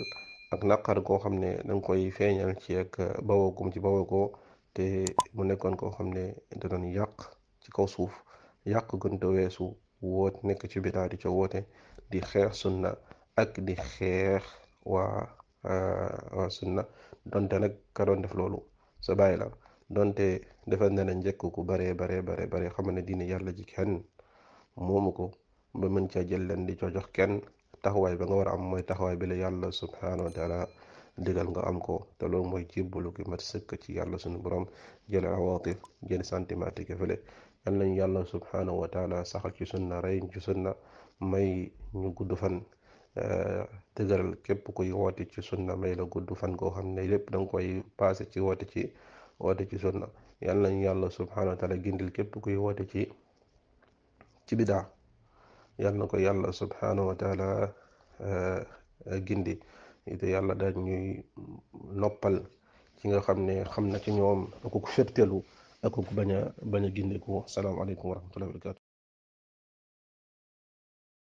ak naqar koo xam ne da koy feeñal ci ak euh, bawookum ci bawoo te mu nekkoon koo xam ne da yàq ci kaw suuf yàq gën te weesu woot nekk ci bidaa di ca woote di xeex sunna ak di xeex waa euh, sunna donte nag ka doon def loolu sa bàyyi la donte defal na la njëkk ku baree baree bare bare xam ne diine yàlla ji kenn moomu ko ba mën caa jël leen di co jox kenn taxawaay ba nga war a am mooy taxawaay bi la yàlla subhaanahu wa taala digal nga am ko te loolu mooy jébbalu gi mat sëkk ci yàlla suñu borom jël awaatif jël sentiment ki fële yal nañu yàlla subhaanahu wa taala saxal ci sunna rey ci sunna may ñu gudd fan eh, dëgëral képp kuy woote ci sunna may la gudd fan koo xam ne lépp danga koy passé ci woote ci woote ci sunna yal nañu yàlla subhaanahu wa taala gindil képp kuy woote ci ci bidaa yal na ko yàlla subhaanahu wa taala eh, gindi te yàlla daal ñuy noppal ci nga xam ne xam na ci ñoom akuk fértelu akuk bañ a bañ a gindiku asalaamaaleykum wa rahmatullahi